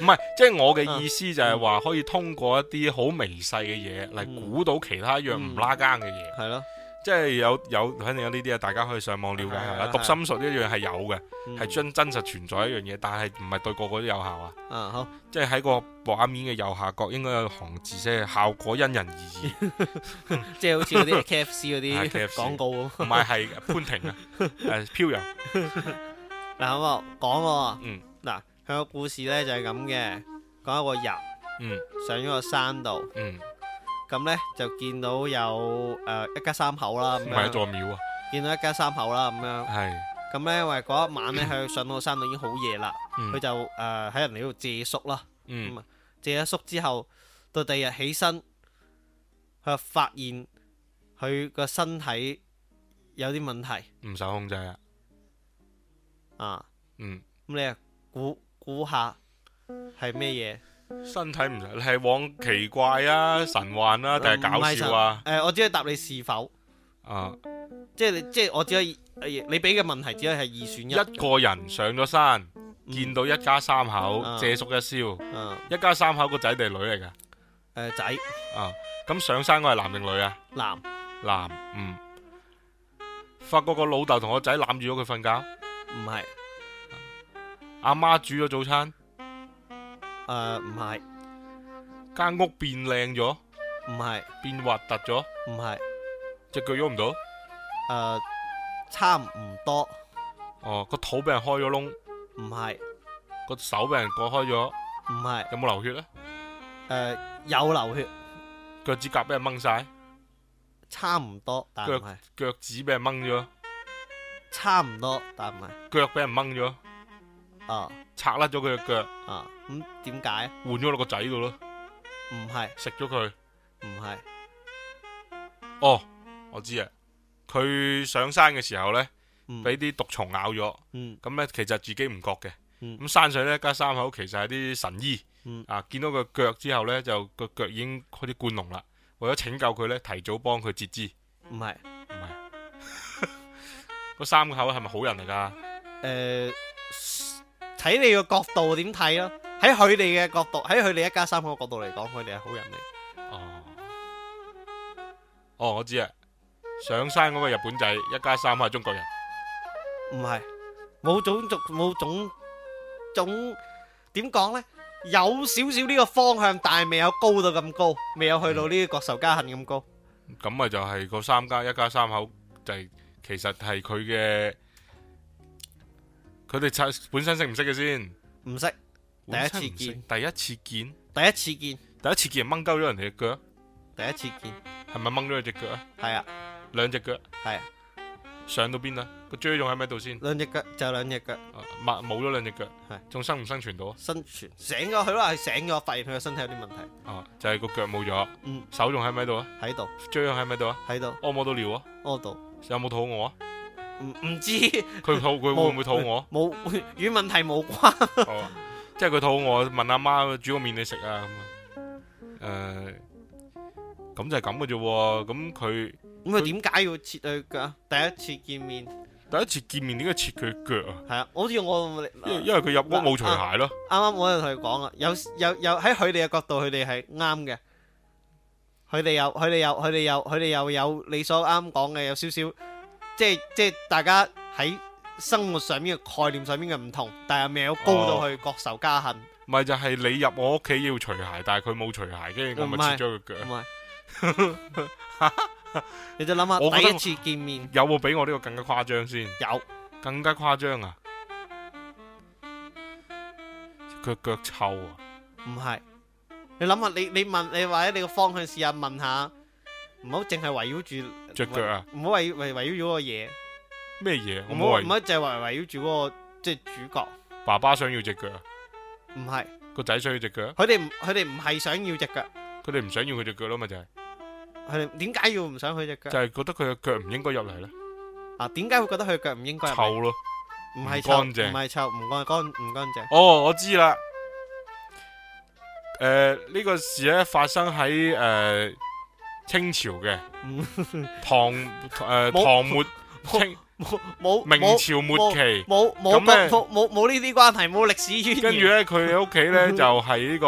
[SPEAKER 2] 唔係，即係我嘅意思就係話，可以通過一啲好微細嘅嘢，嚟估到其他一樣唔拉更嘅嘢。係咯，即係有有肯定有呢啲啊，大家可以上網了解下。讀心術呢樣係有嘅，係真真實存在一樣嘢，但係唔係對個個都有效啊。即係喺個畫面嘅右下角應該有行字即係，效果因人而異，即係好似嗰啲 KFC 嗰啲廣告，唔係，係潘婷啊，誒
[SPEAKER 3] 飄柔。嗱，咁我講喎，嗱佢個故事咧就係咁嘅，講一個人、嗯、上咗個山度，咁咧、嗯、就見到有誒一家三口啦，咁樣、係一座廟啊、見到一家三口啦，咁樣係，咁咧因為嗰一晚咧佢 上到山度已經好夜啦，佢、嗯、就誒喺、呃、人哋度借宿啦，嗯、借咗宿之後到第二日起身，佢就發現佢個身體有啲問題，唔
[SPEAKER 2] 受控制啊。啊，
[SPEAKER 3] 嗯，咁你估估下係咩
[SPEAKER 2] 嘢？身體唔係，係往奇怪啊、神幻啊定係搞笑啊？誒、呃呃，我只可以答你是否？啊，嗯、即係即係，我只可以，你俾嘅問題，只可以係二選一。一個人上咗山，見到一家三口借宿、嗯、一宵，嗯嗯、一家三口個仔定女嚟噶？誒、呃，仔。啊，咁上山個係男定女啊？男。男，男，嗯。發覺個老豆同個仔攬住咗佢瞓覺。唔係，阿媽煮咗早餐。誒，唔係，間屋變靚咗。唔係，變核突咗。唔係，隻腳喐唔到。誒，差唔多。哦，個肚俾人開咗窿。唔係，個手俾人割開咗。唔係。有冇流血咧？誒，有流血。腳趾甲俾人掹晒。差唔多。但腳腳趾俾人掹咗。差唔多，但係唔係。腳俾人掹咗，啊！拆甩咗佢隻腳，啊！咁點解啊？換咗落個仔度咯，唔係食咗佢，唔係。哦，我知啊，佢上山嘅時候呢，俾啲毒蟲咬咗，咁呢，其實自己唔覺嘅。咁山上咧，一家三口其實係啲神醫，啊，見到個腳之後呢，就個腳已經開始灌膿啦，為咗拯救佢呢，提早幫佢截肢，唔係。個三口係咪好人嚟噶？誒，睇你個角度點睇咯。喺佢
[SPEAKER 3] 哋嘅角度，喺佢哋一家三口嘅角度嚟
[SPEAKER 2] 講，佢哋係好人嚟。哦，哦，我知呀。上山嗰個日本仔一家三口係中國人，
[SPEAKER 3] 唔係，冇種族，冇種種，點講呢？有少少呢個方向，但係未有高到咁高，未有去到呢個國仇家恨咁高。
[SPEAKER 2] 咁咪就係個三家一家三口就係。其實係佢嘅，佢哋本身識唔識嘅先？唔識，第一次見，第一次見，第一次見，第一次見掹鳩咗人哋嘅腳，第一次見，係咪掹咗佢隻腳啊？係啊，兩隻腳，係上到邊啊？個椎仲喺咪度先？兩隻腳就兩隻腳，冇咗兩隻腳，仲生唔生存到啊？生存醒咗，佢都係醒咗，發現佢嘅身體有啲問題啊，就係個腳冇咗，嗯，手仲喺咪度啊？喺度，椎仲喺咪度啊？喺度，屙冇到尿啊？屙到。有冇肚餓？唔唔知佢肚佢會唔會肚餓？冇與問題冇關。哦，即係佢肚餓，問阿媽煮個麵你食啊咁啊？誒，咁就係咁嘅啫喎。咁佢咁啊？點解要切佢腳？第一次見面，第一次見面點解切佢腳啊？係
[SPEAKER 3] 啊，好似我，因為因為佢入屋冇除鞋咯。啱啱我又同佢講啦，有有有喺佢哋嘅角度，佢哋係啱嘅。佢哋又佢哋又佢哋又佢哋又有你所啱講嘅，有少少，即係即係大家喺生活上面嘅概念上面嘅唔同，但係未有高到去、哦、各仇家恨。
[SPEAKER 2] 唔係就係、是、你入我屋企要除鞋，但係佢冇除鞋，跟住我咪切咗佢腳。唔係， 你就諗下我第一次見面有冇比我呢個更加誇張先？有更加誇張啊！腳腳臭啊！唔係。你諗
[SPEAKER 3] 下，你你問你或者你個方向試下問下，唔好淨係圍繞住隻腳啊！唔好圍圍圍繞住嗰個嘢。
[SPEAKER 2] 咩嘢？唔好唔好淨係圍圍繞住嗰個即係主角。爸爸想要隻腳啊？唔係。個仔想要隻腳？佢哋唔佢哋唔係想要隻腳。佢哋唔想要佢隻腳咯咪就係。佢哋
[SPEAKER 3] 點解要唔想佢隻腳？就係
[SPEAKER 2] 覺得佢嘅腳唔應該入嚟。咧。啊，點解會覺得佢腳唔應該？臭咯，唔係乾淨，唔
[SPEAKER 3] 係臭，唔乾乾唔乾淨。
[SPEAKER 2] 哦，我知啦。誒，呢、呃這個事咧發生喺誒、呃、清朝嘅唐誒、呃、沒唐末清
[SPEAKER 3] 冇沒明朝末期冇冇冇冇呢啲關係冇歷史淵源，跟住咧，佢哋屋企咧就
[SPEAKER 2] 係呢、這個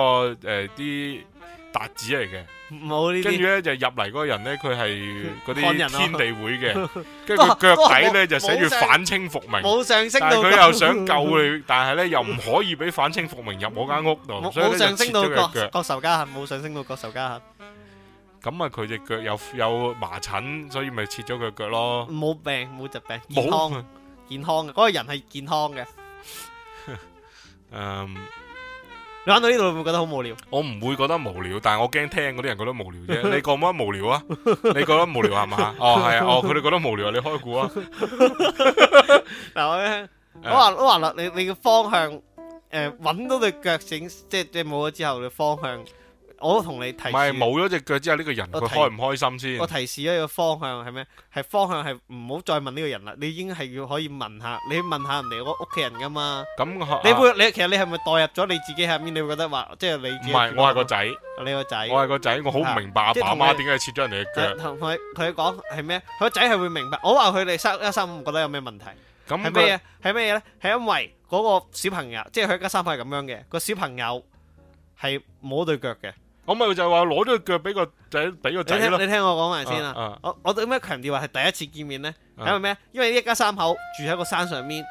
[SPEAKER 2] 誒啲。呃達子嚟嘅，冇呢啲。跟住咧就入嚟嗰個人咧，佢係嗰啲天地會嘅，跟住腳底咧就寫住反清復明。冇上升到。但係佢又想救你，但係咧又唔可以俾反清復明入我間屋度。冇上升到國。
[SPEAKER 3] 國仇家恨，冇上升到國仇家恨。
[SPEAKER 2] 咁啊，佢隻腳有有麻疹，所以咪切咗佢腳咯。冇病，冇疾病，健康，健康嘅嗰個人係健康嘅。嗯。你玩到呢度會唔會覺得好無聊？我唔會覺得無聊，但係我驚聽嗰啲人覺得無聊啫。你覺唔覺得無聊啊？ 你覺得無聊啊？你覺得無聊係嘛？哦，係啊，哦，佢哋覺得無聊，啊。你開估啊？
[SPEAKER 3] 嗱，我咧，我話，我話啦，你你嘅方向，誒、呃，揾到對腳繩，即係即係冇咗之後你方向。我同你提，唔係冇咗隻腳之後呢個人佢開唔開心先？我提示咗個方向係咩？係方向係唔好再問呢個人啦。你已經係要可以問下，你問下人哋我屋企人㗎嘛？咁你會你其實你係咪代入咗你自己喺入面？你會覺得話即係你自己？唔係，我係個仔，
[SPEAKER 2] 我係個仔，我係個仔，我好唔明白阿爸媽點解切咗人哋嘅腳？
[SPEAKER 3] 同同佢講係咩？佢個仔係會明白。我話佢哋三一三唔覺得有咩問題？係咩嘢？係咩嘢咧？係因為嗰個小朋友，即係佢一家三口係咁樣嘅，個小朋友係冇對腳嘅。咁咪就係話攞咗個腳俾個仔，俾個仔咯。你聽我講埋先啦、啊啊啊。我我點解強調話係第一次見面咧？係咪咩？因為一家三口住喺個山上面，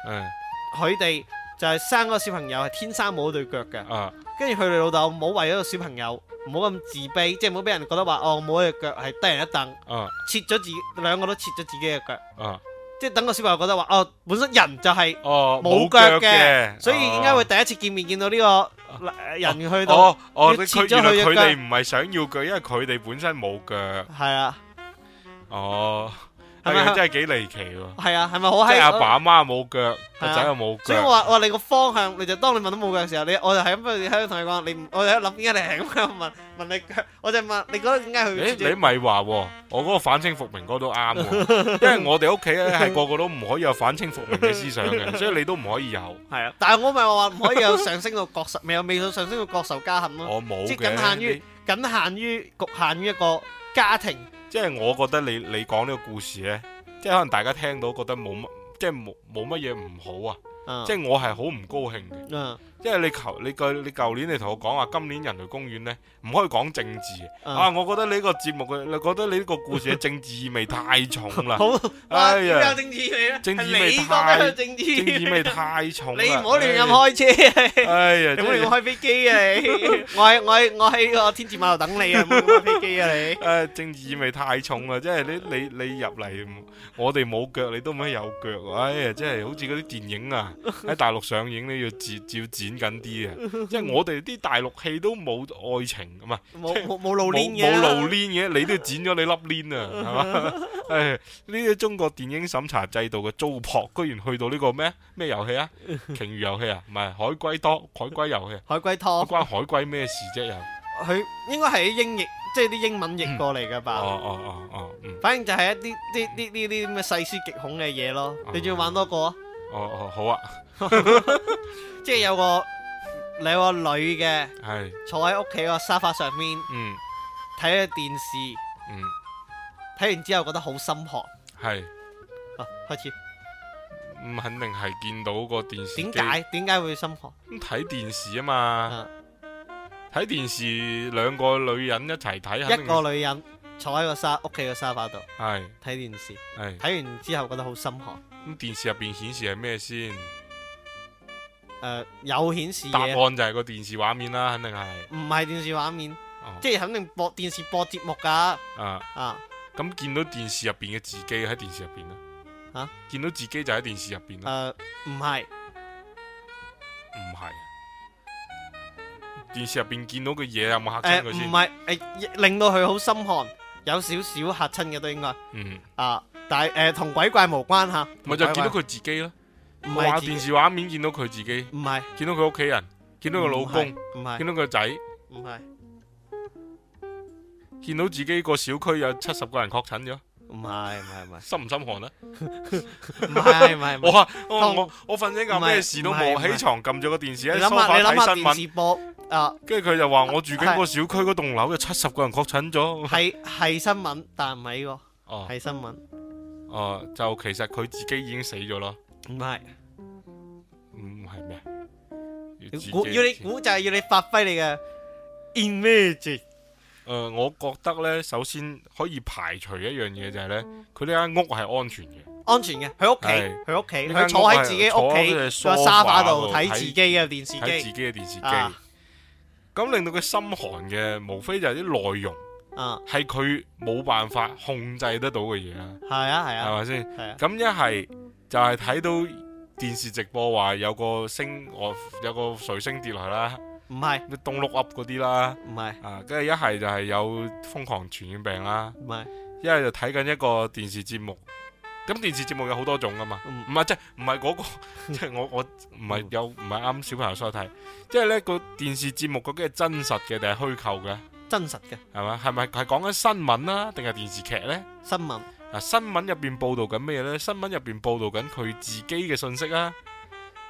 [SPEAKER 3] 佢哋、啊、就係生、啊、個小朋友係天生冇對腳嘅。跟住佢哋老豆冇為咗個小朋友，唔好咁自卑，即係唔好俾人覺得話哦冇對腳係低人一等。啊、切咗自兩個都切咗自己嘅腳。啊、即係等個小朋友覺得話哦，本身人就係冇腳嘅，哦、腳所以點解會第一次見面見到呢、這個？人去到，哦哦，佢、哦，原來佢哋
[SPEAKER 2] 唔係想要腳，因為佢哋本身冇腳。係啊，哦。係啊，真係幾離奇喎！係啊，係咪好閪？即係阿爸阿媽冇腳，個仔又冇腳。所以我話我
[SPEAKER 3] 話你個方向，你就當你問到冇腳嘅時候，你我就係咁樣喺度同你講，你我就喺度諗點解你係咁樣問問你腳？我就問你覺得點解佢？誒，你咪
[SPEAKER 2] 話喎，我嗰個反清復明歌都啱喎，因為我哋屋企咧係個個都唔可以有反清復明嘅思想嘅，所以你都唔可以有。
[SPEAKER 3] 係啊，但係我咪話唔可以有上升到國仇，未有未有上升到
[SPEAKER 2] 國仇家恨咯。我冇嘅，僅限於僅限於侷限於一個家庭。即係我覺得你你講呢個故事呢，即係可能大家聽到覺得冇乜，即係冇冇乜嘢唔好啊，嗯、即係我係好唔高興嘅。嗯因為你求你個你舊年你同我講話，今年人類公園咧唔可以講政治啊！我覺得呢個節目嘅，你覺得呢個故事嘅政治意味太重啦。好，哎呀，政治味太政治意味太重，你唔好亂咁開車啊！哎呀，你唔好亂開飛機啊！你，
[SPEAKER 3] 我喺我喺我喺個天字碼頭等你啊！唔
[SPEAKER 2] 好開飛機啊！你，誒，政治意味太重啦！即係你你你入嚟，我哋冇腳你都唔可以有腳，哎呀！即係好似嗰啲電影啊，喺大陸上映你要剪要剪。剪緊啲啊！即係我哋啲大陸戲都冇愛情咁啊，冇冇露 n 嘅，冇露嘅，你都剪咗你粒 n 啊，係嘛？誒，呢啲中國電影審查制度嘅糟粕，居然去到呢個咩咩遊戲啊？鯨魚遊戲啊？唔係海龜多海龜遊戲？海龜多關海龜咩事啫？又佢應該係英譯，即係啲英文譯過嚟噶吧？哦哦哦哦，
[SPEAKER 3] 反正就係一啲啲啲啲啲咁嘅細思極恐嘅嘢咯。你仲要玩多個？
[SPEAKER 2] 哦哦好啊。
[SPEAKER 3] 即係有個兩個女嘅坐喺屋企個沙發上面，睇下、嗯、電視，睇、嗯、完之後覺得好心寒。
[SPEAKER 2] 係是、啊，開始唔肯定係見到個電視。點解？點解會心寒？咁睇電視啊嘛，睇、嗯、電視兩個女人一齊睇，一個女
[SPEAKER 3] 人坐喺個沙屋
[SPEAKER 2] 企嘅沙發度，係睇是電視，係睇是完之後覺得好心寒。咁電視入邊顯示係咩先？誒、呃，有顯示嘅答案就係個電視畫面啦、啊，肯定係唔
[SPEAKER 3] 係電視畫面，哦、即係肯定播電視播節目噶，啊
[SPEAKER 2] 啊，咁、啊啊、見到電視入邊嘅自己喺電視入邊啦，吓、啊、見到自己就喺電視入邊啦，誒、啊，唔係唔係，電視入邊見到嘅嘢有冇吓親佢先？唔係
[SPEAKER 3] 誒，令到佢好心寒，有少少吓親嘅都應該，嗯哼啊，但係誒同鬼怪無關吓，咪、啊、就見到佢自己囉。我話電視
[SPEAKER 2] 畫面見到佢自己，唔係見到佢屋企人，見到個老公，唔係見到個仔，唔係見到自己個小區有七十個人確診咗，唔係唔係唔係，心唔心寒啊？唔係唔係，我我瞓醒覺咩事都冇，起床撳咗個電視喺沙發睇新聞播，跟住佢就話我住緊個小區嗰棟樓有七十個人確診咗，係係新聞，但唔係喎，哦，係新聞，哦，就其實佢自己已經死咗咯。唔係，唔係咩？要你估，要你估
[SPEAKER 3] 就係要你發揮你
[SPEAKER 2] 嘅 image。誒，我覺得咧，首先可以排除一樣嘢就係咧，佢呢間屋係安全嘅。安全嘅，佢屋企，喺屋企，佢坐喺自己屋企個沙發度睇自己嘅電視機，睇自己嘅電視機。咁、啊啊、令到佢心寒嘅，無非就係啲內容，係佢冇辦法控制得到嘅嘢啊。係啊，係啊，係咪先？咁一係。就係睇到電視直播話有個星，有個彗星跌落啦，唔係是，凍六 up 嗰啲啦，唔係是，啊，跟住一係就係有瘋狂傳染病啦，唔係、嗯，一係就睇緊一個電視節目，咁電視節目有好多種噶嘛，唔係即係唔係嗰個，即 係我我唔係、嗯、有唔係啱小朋友睇，即係呢個電視節目究竟係真實嘅定係虛構嘅？
[SPEAKER 3] 真實嘅，
[SPEAKER 2] 係嘛？係咪係講緊新聞啦、啊，定係電視劇呢？新聞。新聞入邊報導緊咩呢？新聞入邊報導緊佢自己嘅信息啊，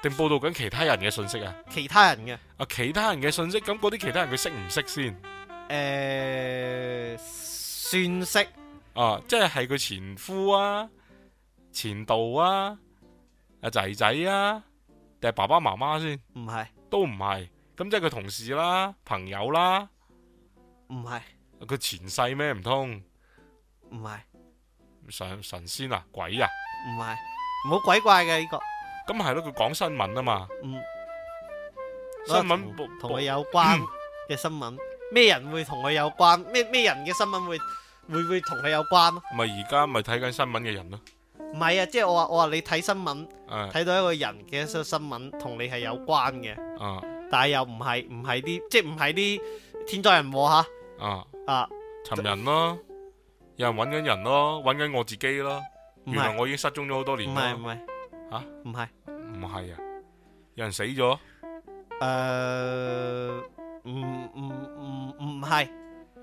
[SPEAKER 2] 定報導緊其他人嘅信息啊，啊？其他人嘅啊，那那其他人嘅信息，咁嗰啲其他人佢識唔識先？誒、呃，算識啊，即係係佢前夫啊、前度啊、阿仔仔啊，定係爸爸媽媽先？唔係，都唔係，咁即係佢同事啦、朋友啦，唔係。佢前世咩唔通？唔係。神神仙啊，鬼啊？唔係，冇鬼怪嘅呢個。咁係咯，佢講新聞啊嘛。嗯，新聞同佢有關
[SPEAKER 3] 嘅新聞，咩人會同佢有關？咩咩人嘅新聞會會會同佢有關咯？
[SPEAKER 2] 咪而家咪睇緊新聞嘅人咯。
[SPEAKER 3] 唔係啊，即係我話我話你睇新聞，睇到一個人嘅新聞同你係有關嘅。
[SPEAKER 2] 啊，
[SPEAKER 3] 但係又唔係唔係啲，即係唔係啲天災人禍吓。
[SPEAKER 2] 啊啊，尋人咯。有人搵緊人咯，搵緊我自己咯。原來我已經失蹤咗好多年。唔係唔係，吓？唔係唔係啊？有人死咗？誒，唔唔唔唔係。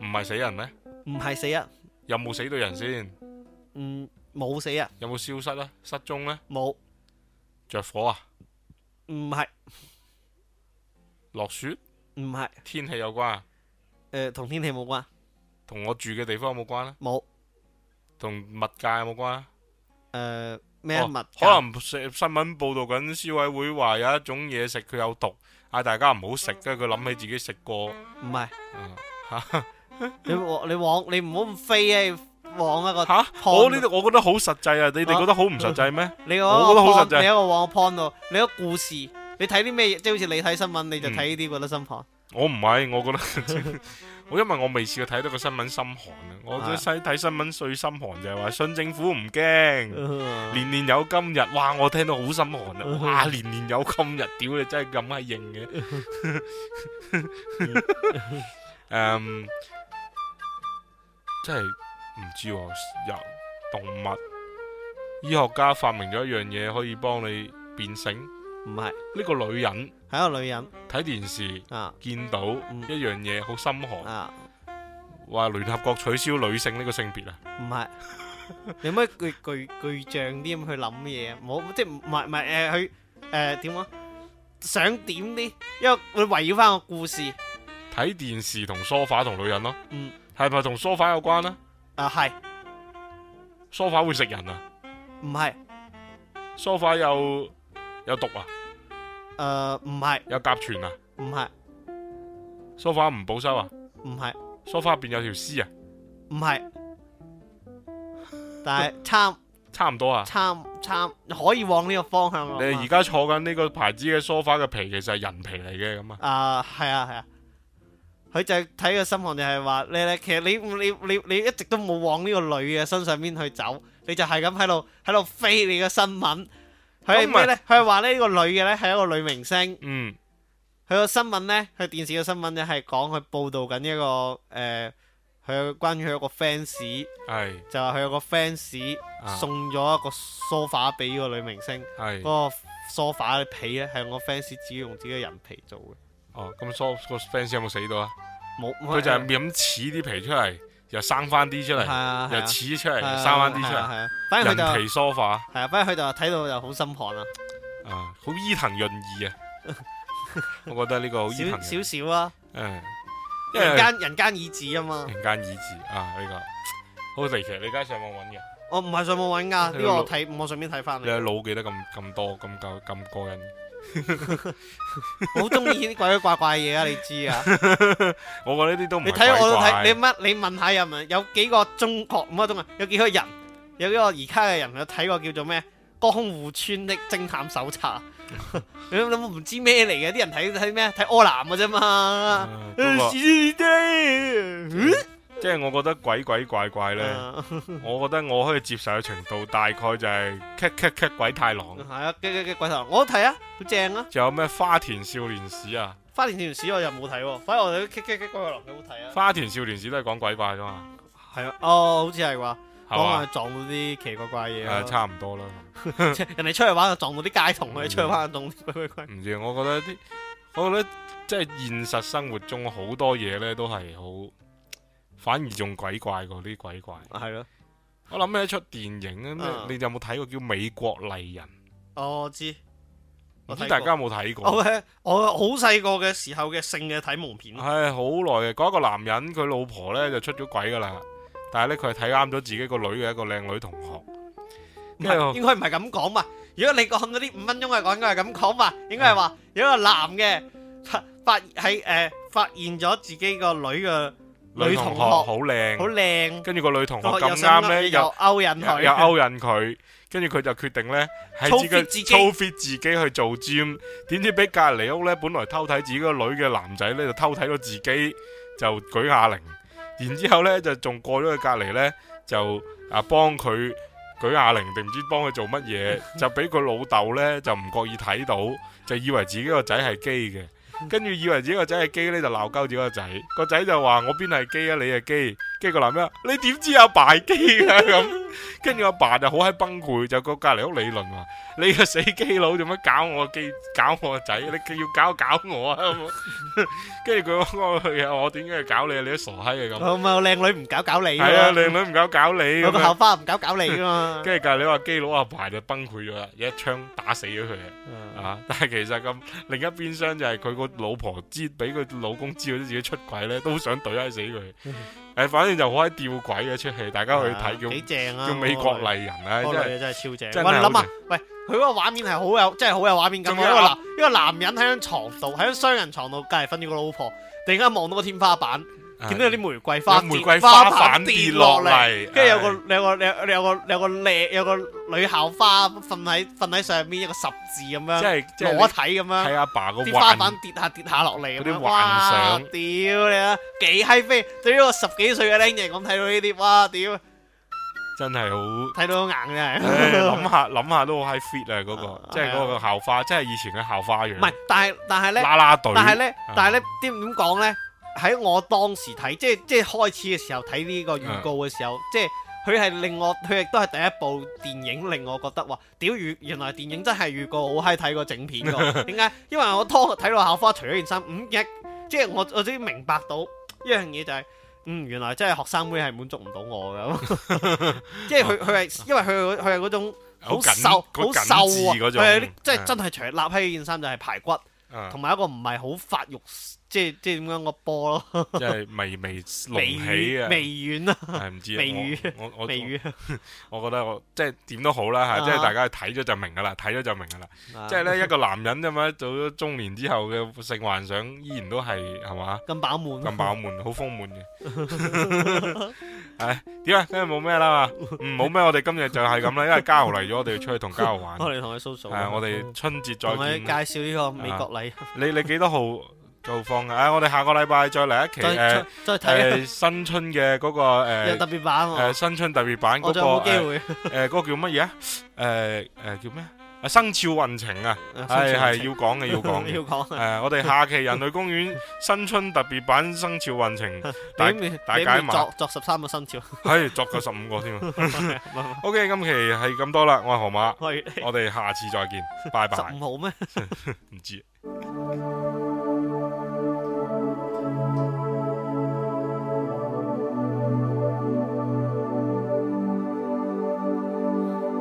[SPEAKER 2] 唔係死人咩？唔係死啊。有冇死到人先？嗯，冇死啊。有冇消失咧？失蹤咧？冇。着火啊？唔係。落雪？唔係。天氣有關啊？誒，同天氣冇關。同我住嘅地方有冇關咧？冇，同物價有冇關？誒，咩物？可能新新聞報道緊，消委會話有一種嘢食佢有毒，嗌大家唔好食。跟住佢諗起自己食過，唔係。吓，
[SPEAKER 3] 你往你往你唔好咁飛啊，往一個吓。我呢，我
[SPEAKER 2] 覺得好實際啊！你哋覺得好唔實際咩？你我覺得好實際。你喺個
[SPEAKER 3] 往個 point 度，你個故事，你睇啲咩？即係好似你睇新聞，你就睇呢啲，覺得新盤。
[SPEAKER 2] 我唔係，我覺得。我因為我未試過睇到個新聞心寒啊！我睇新睇新聞最心寒就係話信政府唔驚，年年有今日哇！我聽到好心寒啊！哇，年年有今日，屌你真係咁係認
[SPEAKER 1] 嘅。
[SPEAKER 2] 真係唔知又動物醫學家發明咗一樣嘢可以幫你變性。唔係呢個女人，係一個女人睇電視啊，見到一樣嘢好心寒啊，話聯合國取消女性呢個性別啊，
[SPEAKER 3] 唔係你可唔可以具具具象啲咁去諗嘢？冇即係唔係唔係誒，
[SPEAKER 2] 佢誒點啊？想點啲？因為會圍繞翻個故事，睇電視同梳化同女人咯，嗯，係咪同梳化有關啊？啊係梳化 f 會食人啊？唔係梳化又。有毒啊？誒、呃，唔係。有甲醛啊？唔係是。梳化唔保修啊？唔係是。梳化入邊有條絲啊？唔係。但係差差唔多啊？差
[SPEAKER 3] 差、啊、可以往呢個方向啊？你而
[SPEAKER 2] 家坐緊呢個牌子嘅梳化嘅皮，其實係人皮嚟嘅咁啊？
[SPEAKER 3] 啊，係啊，係啊。佢就睇個新聞就係話你你，其實你你你你，你一直都冇往呢個女嘅身上邊去走，你就係咁喺度喺度飛你嘅新聞。佢係咩咧？佢係話呢個女嘅咧，係一個女明星。嗯，佢個新聞咧，佢電視嘅新聞咧，係講佢，報道緊一個誒，佢、呃、關於佢一個 fans 係，是的 就話佢有個 fans 送咗一個 sofa 俾個女明星。係，嗰個
[SPEAKER 2] 梳化嘅皮咧係我 fans 自己用自己嘅人皮做嘅。哦，咁 so 個 fans 有冇死到啊？冇，佢就係搵似啲皮出嚟。又生翻啲出嚟，又似出嚟，又生翻啲出嚟，係啊！反而佢就皮梳化，
[SPEAKER 3] 係啊！反而佢就睇到又好心寒啊，
[SPEAKER 2] 啊，好伊藤潤二啊，我覺得呢個好伊藤潤二，少少啊，嗯，人間
[SPEAKER 3] 人間椅子啊嘛，人
[SPEAKER 2] 間椅子啊，呢個好神奇，你而家上網揾嘅？
[SPEAKER 3] 我唔係上網揾噶，呢個我睇網上邊睇翻。你
[SPEAKER 2] 腦記得咁咁多咁夠咁過癮？
[SPEAKER 3] 我好中意啲鬼鬼怪怪嘢啊！你知啊？ 我覺呢啲都唔。你睇我睇你乜？你問下有冇？有幾個中國乜東啊？有幾個人有呢個而家嘅人有睇過叫做咩《江戶村的偵探手冊》 你想想？你諗唔知咩嚟嘅？啲人睇睇咩？睇柯南嘅啫嘛。
[SPEAKER 2] 是的、啊。 即係我覺得鬼鬼怪怪咧，嗯、我覺得我可以接受嘅程度大概就係 kick kick kick 鬼太郎。係、嗯、啊 kick kick kick 鬼太郎，我都睇啊，好正啊！仲有咩花田少年史啊？
[SPEAKER 3] 花田少年史我又冇睇、啊，反而我哋 kick kick kick 鬼太郎幾
[SPEAKER 2] 好睇啊！花田少年史都係講鬼怪噶嘛？係啊，哦，好
[SPEAKER 3] 似係啩，講啊吧撞到啲奇奇
[SPEAKER 2] 怪怪嘢、啊、差唔多啦。
[SPEAKER 3] 人哋出去玩就撞到啲街童佢哋、嗯、出去玩啊，撞啲鬼，
[SPEAKER 2] 鬼怪。唔知不， 我覺得啲，我覺得，我覺得即係現實生活中好多嘢咧都係好。反而仲鬼怪過啲鬼怪，係咯、啊。我諗起一出電影咧？啊、你有冇睇過叫《美國麗人》
[SPEAKER 3] 哦？我知，
[SPEAKER 2] 唔知大家有冇睇過？Okay.
[SPEAKER 3] 我好細個嘅時候嘅性嘅睇毛
[SPEAKER 2] 片係好耐嘅。嗰、哎嗰個男人佢老婆咧就出咗軌噶啦，但係咧佢係睇啱咗自己個女嘅一個靚女同學。
[SPEAKER 3] 應該唔係咁講嘛？
[SPEAKER 2] 如果你講
[SPEAKER 3] 嗰啲五分鐘嘅講，應該係咁講嘛？應該係話有一個男嘅發係誒、呃、發
[SPEAKER 2] 現咗自己個女嘅。女同學好靚，好靚，跟住個女同學咁啱咧又勾引佢，又勾引佢，跟住佢就決定咧操 fit 自己，操 fit 自己去做 gym，點知俾隔籬屋咧本來偷睇自己個女嘅男仔咧就偷睇到自己就舉啞鈴，然之後咧就仲過咗去隔籬咧就啊幫佢舉啞鈴，定唔知幫佢做乜嘢，就俾佢老豆咧就唔覺意睇到，就以為自己個仔係基嘅。跟住以為自己個仔係基咧，就鬧鳩自己個仔。個仔就話：我邊係基啊？你係基？跟住個男咩？你點知阿爸係基啊？咁跟住阿爸就好閪崩潰，就過隔籬屋理論話：你個死基佬做乜搞我基？搞我個仔？你要搞搞我啊？跟住佢我點解要搞你啊？你都傻閪啊咁？
[SPEAKER 3] 唔係，靚女唔搞搞你？係啊，靚女
[SPEAKER 2] 唔搞搞你？我個後花唔搞搞你噶嘛？跟住隔籬話基佬阿爸就崩潰咗啦，一槍打死咗佢嘅啊！但係其實咁另一邊廂就係佢個老婆知俾佢老公知佢自己出軌咧，都想懟閪死佢。誒、 呃，反正就好閪吊詭嘅出戲，大家去睇叫幾正啊！叫美國麗人啊，嗰女真係是超正。我哋諗下，
[SPEAKER 3] 啊、喂，佢嗰個畫面係好有，真係好有畫面感。一有個男一、這個男人喺張床度，喺張雙人床度，隔籬瞓住個老婆，突然間望到個天花板。見到有啲玫瑰花玫瑰花瓣跌落嚟，跟住有個你有個你有個有個有個女校花瞓喺瞓喺上面，有個十字咁樣，即係裸體咁樣。睇阿爸個花瓣跌下跌下落嚟，嗰啲幻想。屌你啊，幾嗨飛。對於個十幾歲嘅靚人咁睇到呢啲，哇！屌，
[SPEAKER 2] 真係好睇到好硬嘅，係諗下諗下都好嗨 fit 啊！嗰個即係嗰個校花，即係以前嘅校花樣。唔係，但
[SPEAKER 3] 係但係咧，啦啦隊。但係咧，但係咧，點點講咧？喺我當時睇，即係即係開始嘅時候睇呢個預告嘅時候，嗯、即係佢係令我，佢亦都係第一部電影令我覺得話，屌，原來電影真係預告好閪睇過整片嘅。點解？因為我當睇到校花除咗件衫，五、嗯、一，即係我我終於明白到一樣嘢就係、是，嗯，原來真係學生妹係滿足唔到我嘅， 即係佢佢係因為佢佢係嗰種好瘦好瘦啊，佢係即係真係除立起件衫就係排骨，同埋、嗯、一個唔係好發育。即係即係點樣個波咯，
[SPEAKER 2] 即係微微隆起啊，微軟啊，係唔知微軟，我我我覺得我即係點都好啦吓，即係大家睇咗就明噶啦，睇咗就明噶啦，即係咧一個男人咁樣做咗中年之後嘅性幻想依然都係係嘛，咁飽滿，咁飽滿，好豐滿嘅。唉，點啊，今日冇咩啦，唔，冇咩，我哋今日就係咁啦，因為嘉豪嚟咗，我哋要出去同嘉豪玩，我哋同佢掃掃，係啊，我哋春節再，我哋介紹呢個美國禮，你你幾多號？做放啊！我哋下個禮拜再嚟一期，再再睇新春嘅嗰個誒，特別版，誒新春特別版嗰個誒，嗰個叫乜嘢啊？誒誒叫咩啊？生肖運程啊，係係要講嘅，要講，要講。誒，我哋下期人類公園新春特別版生肖運程大大解碼，
[SPEAKER 3] 作十三個生肖，
[SPEAKER 2] 可以作夠十五個添。OK，今期係咁多啦，我係河馬，我哋下次再見，拜拜。唔好咩？唔知。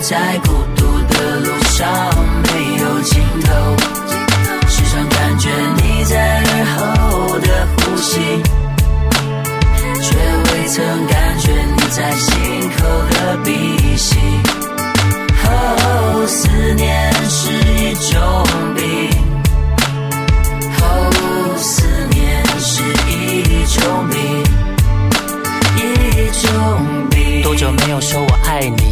[SPEAKER 4] 在孤獨的路上沒有盡頭，時常感覺你在耳後的呼吸，卻未曾感覺你在心口的鼻息。哦，思念是一種病，哦，思念是一種病，一種病。多久沒有說我愛你？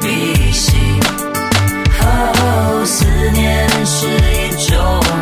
[SPEAKER 4] 比心，哦， oh, 思念是一種。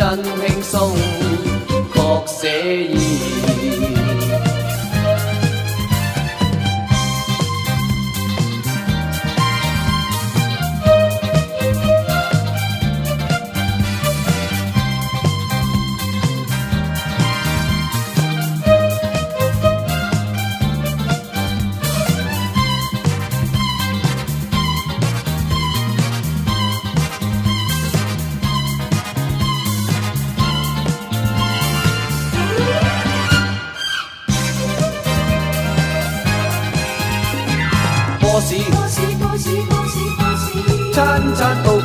[SPEAKER 5] 真輕鬆，確寫意。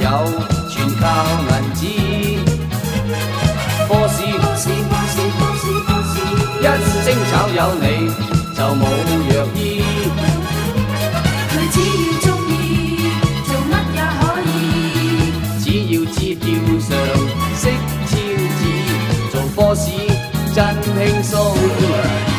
[SPEAKER 5] 有全靠銀紙，Boss 一聲炒魷你就冇藥醫。佢只要鍾意做乜也可以，只要支票上識簽字，做 Boss 真輕鬆。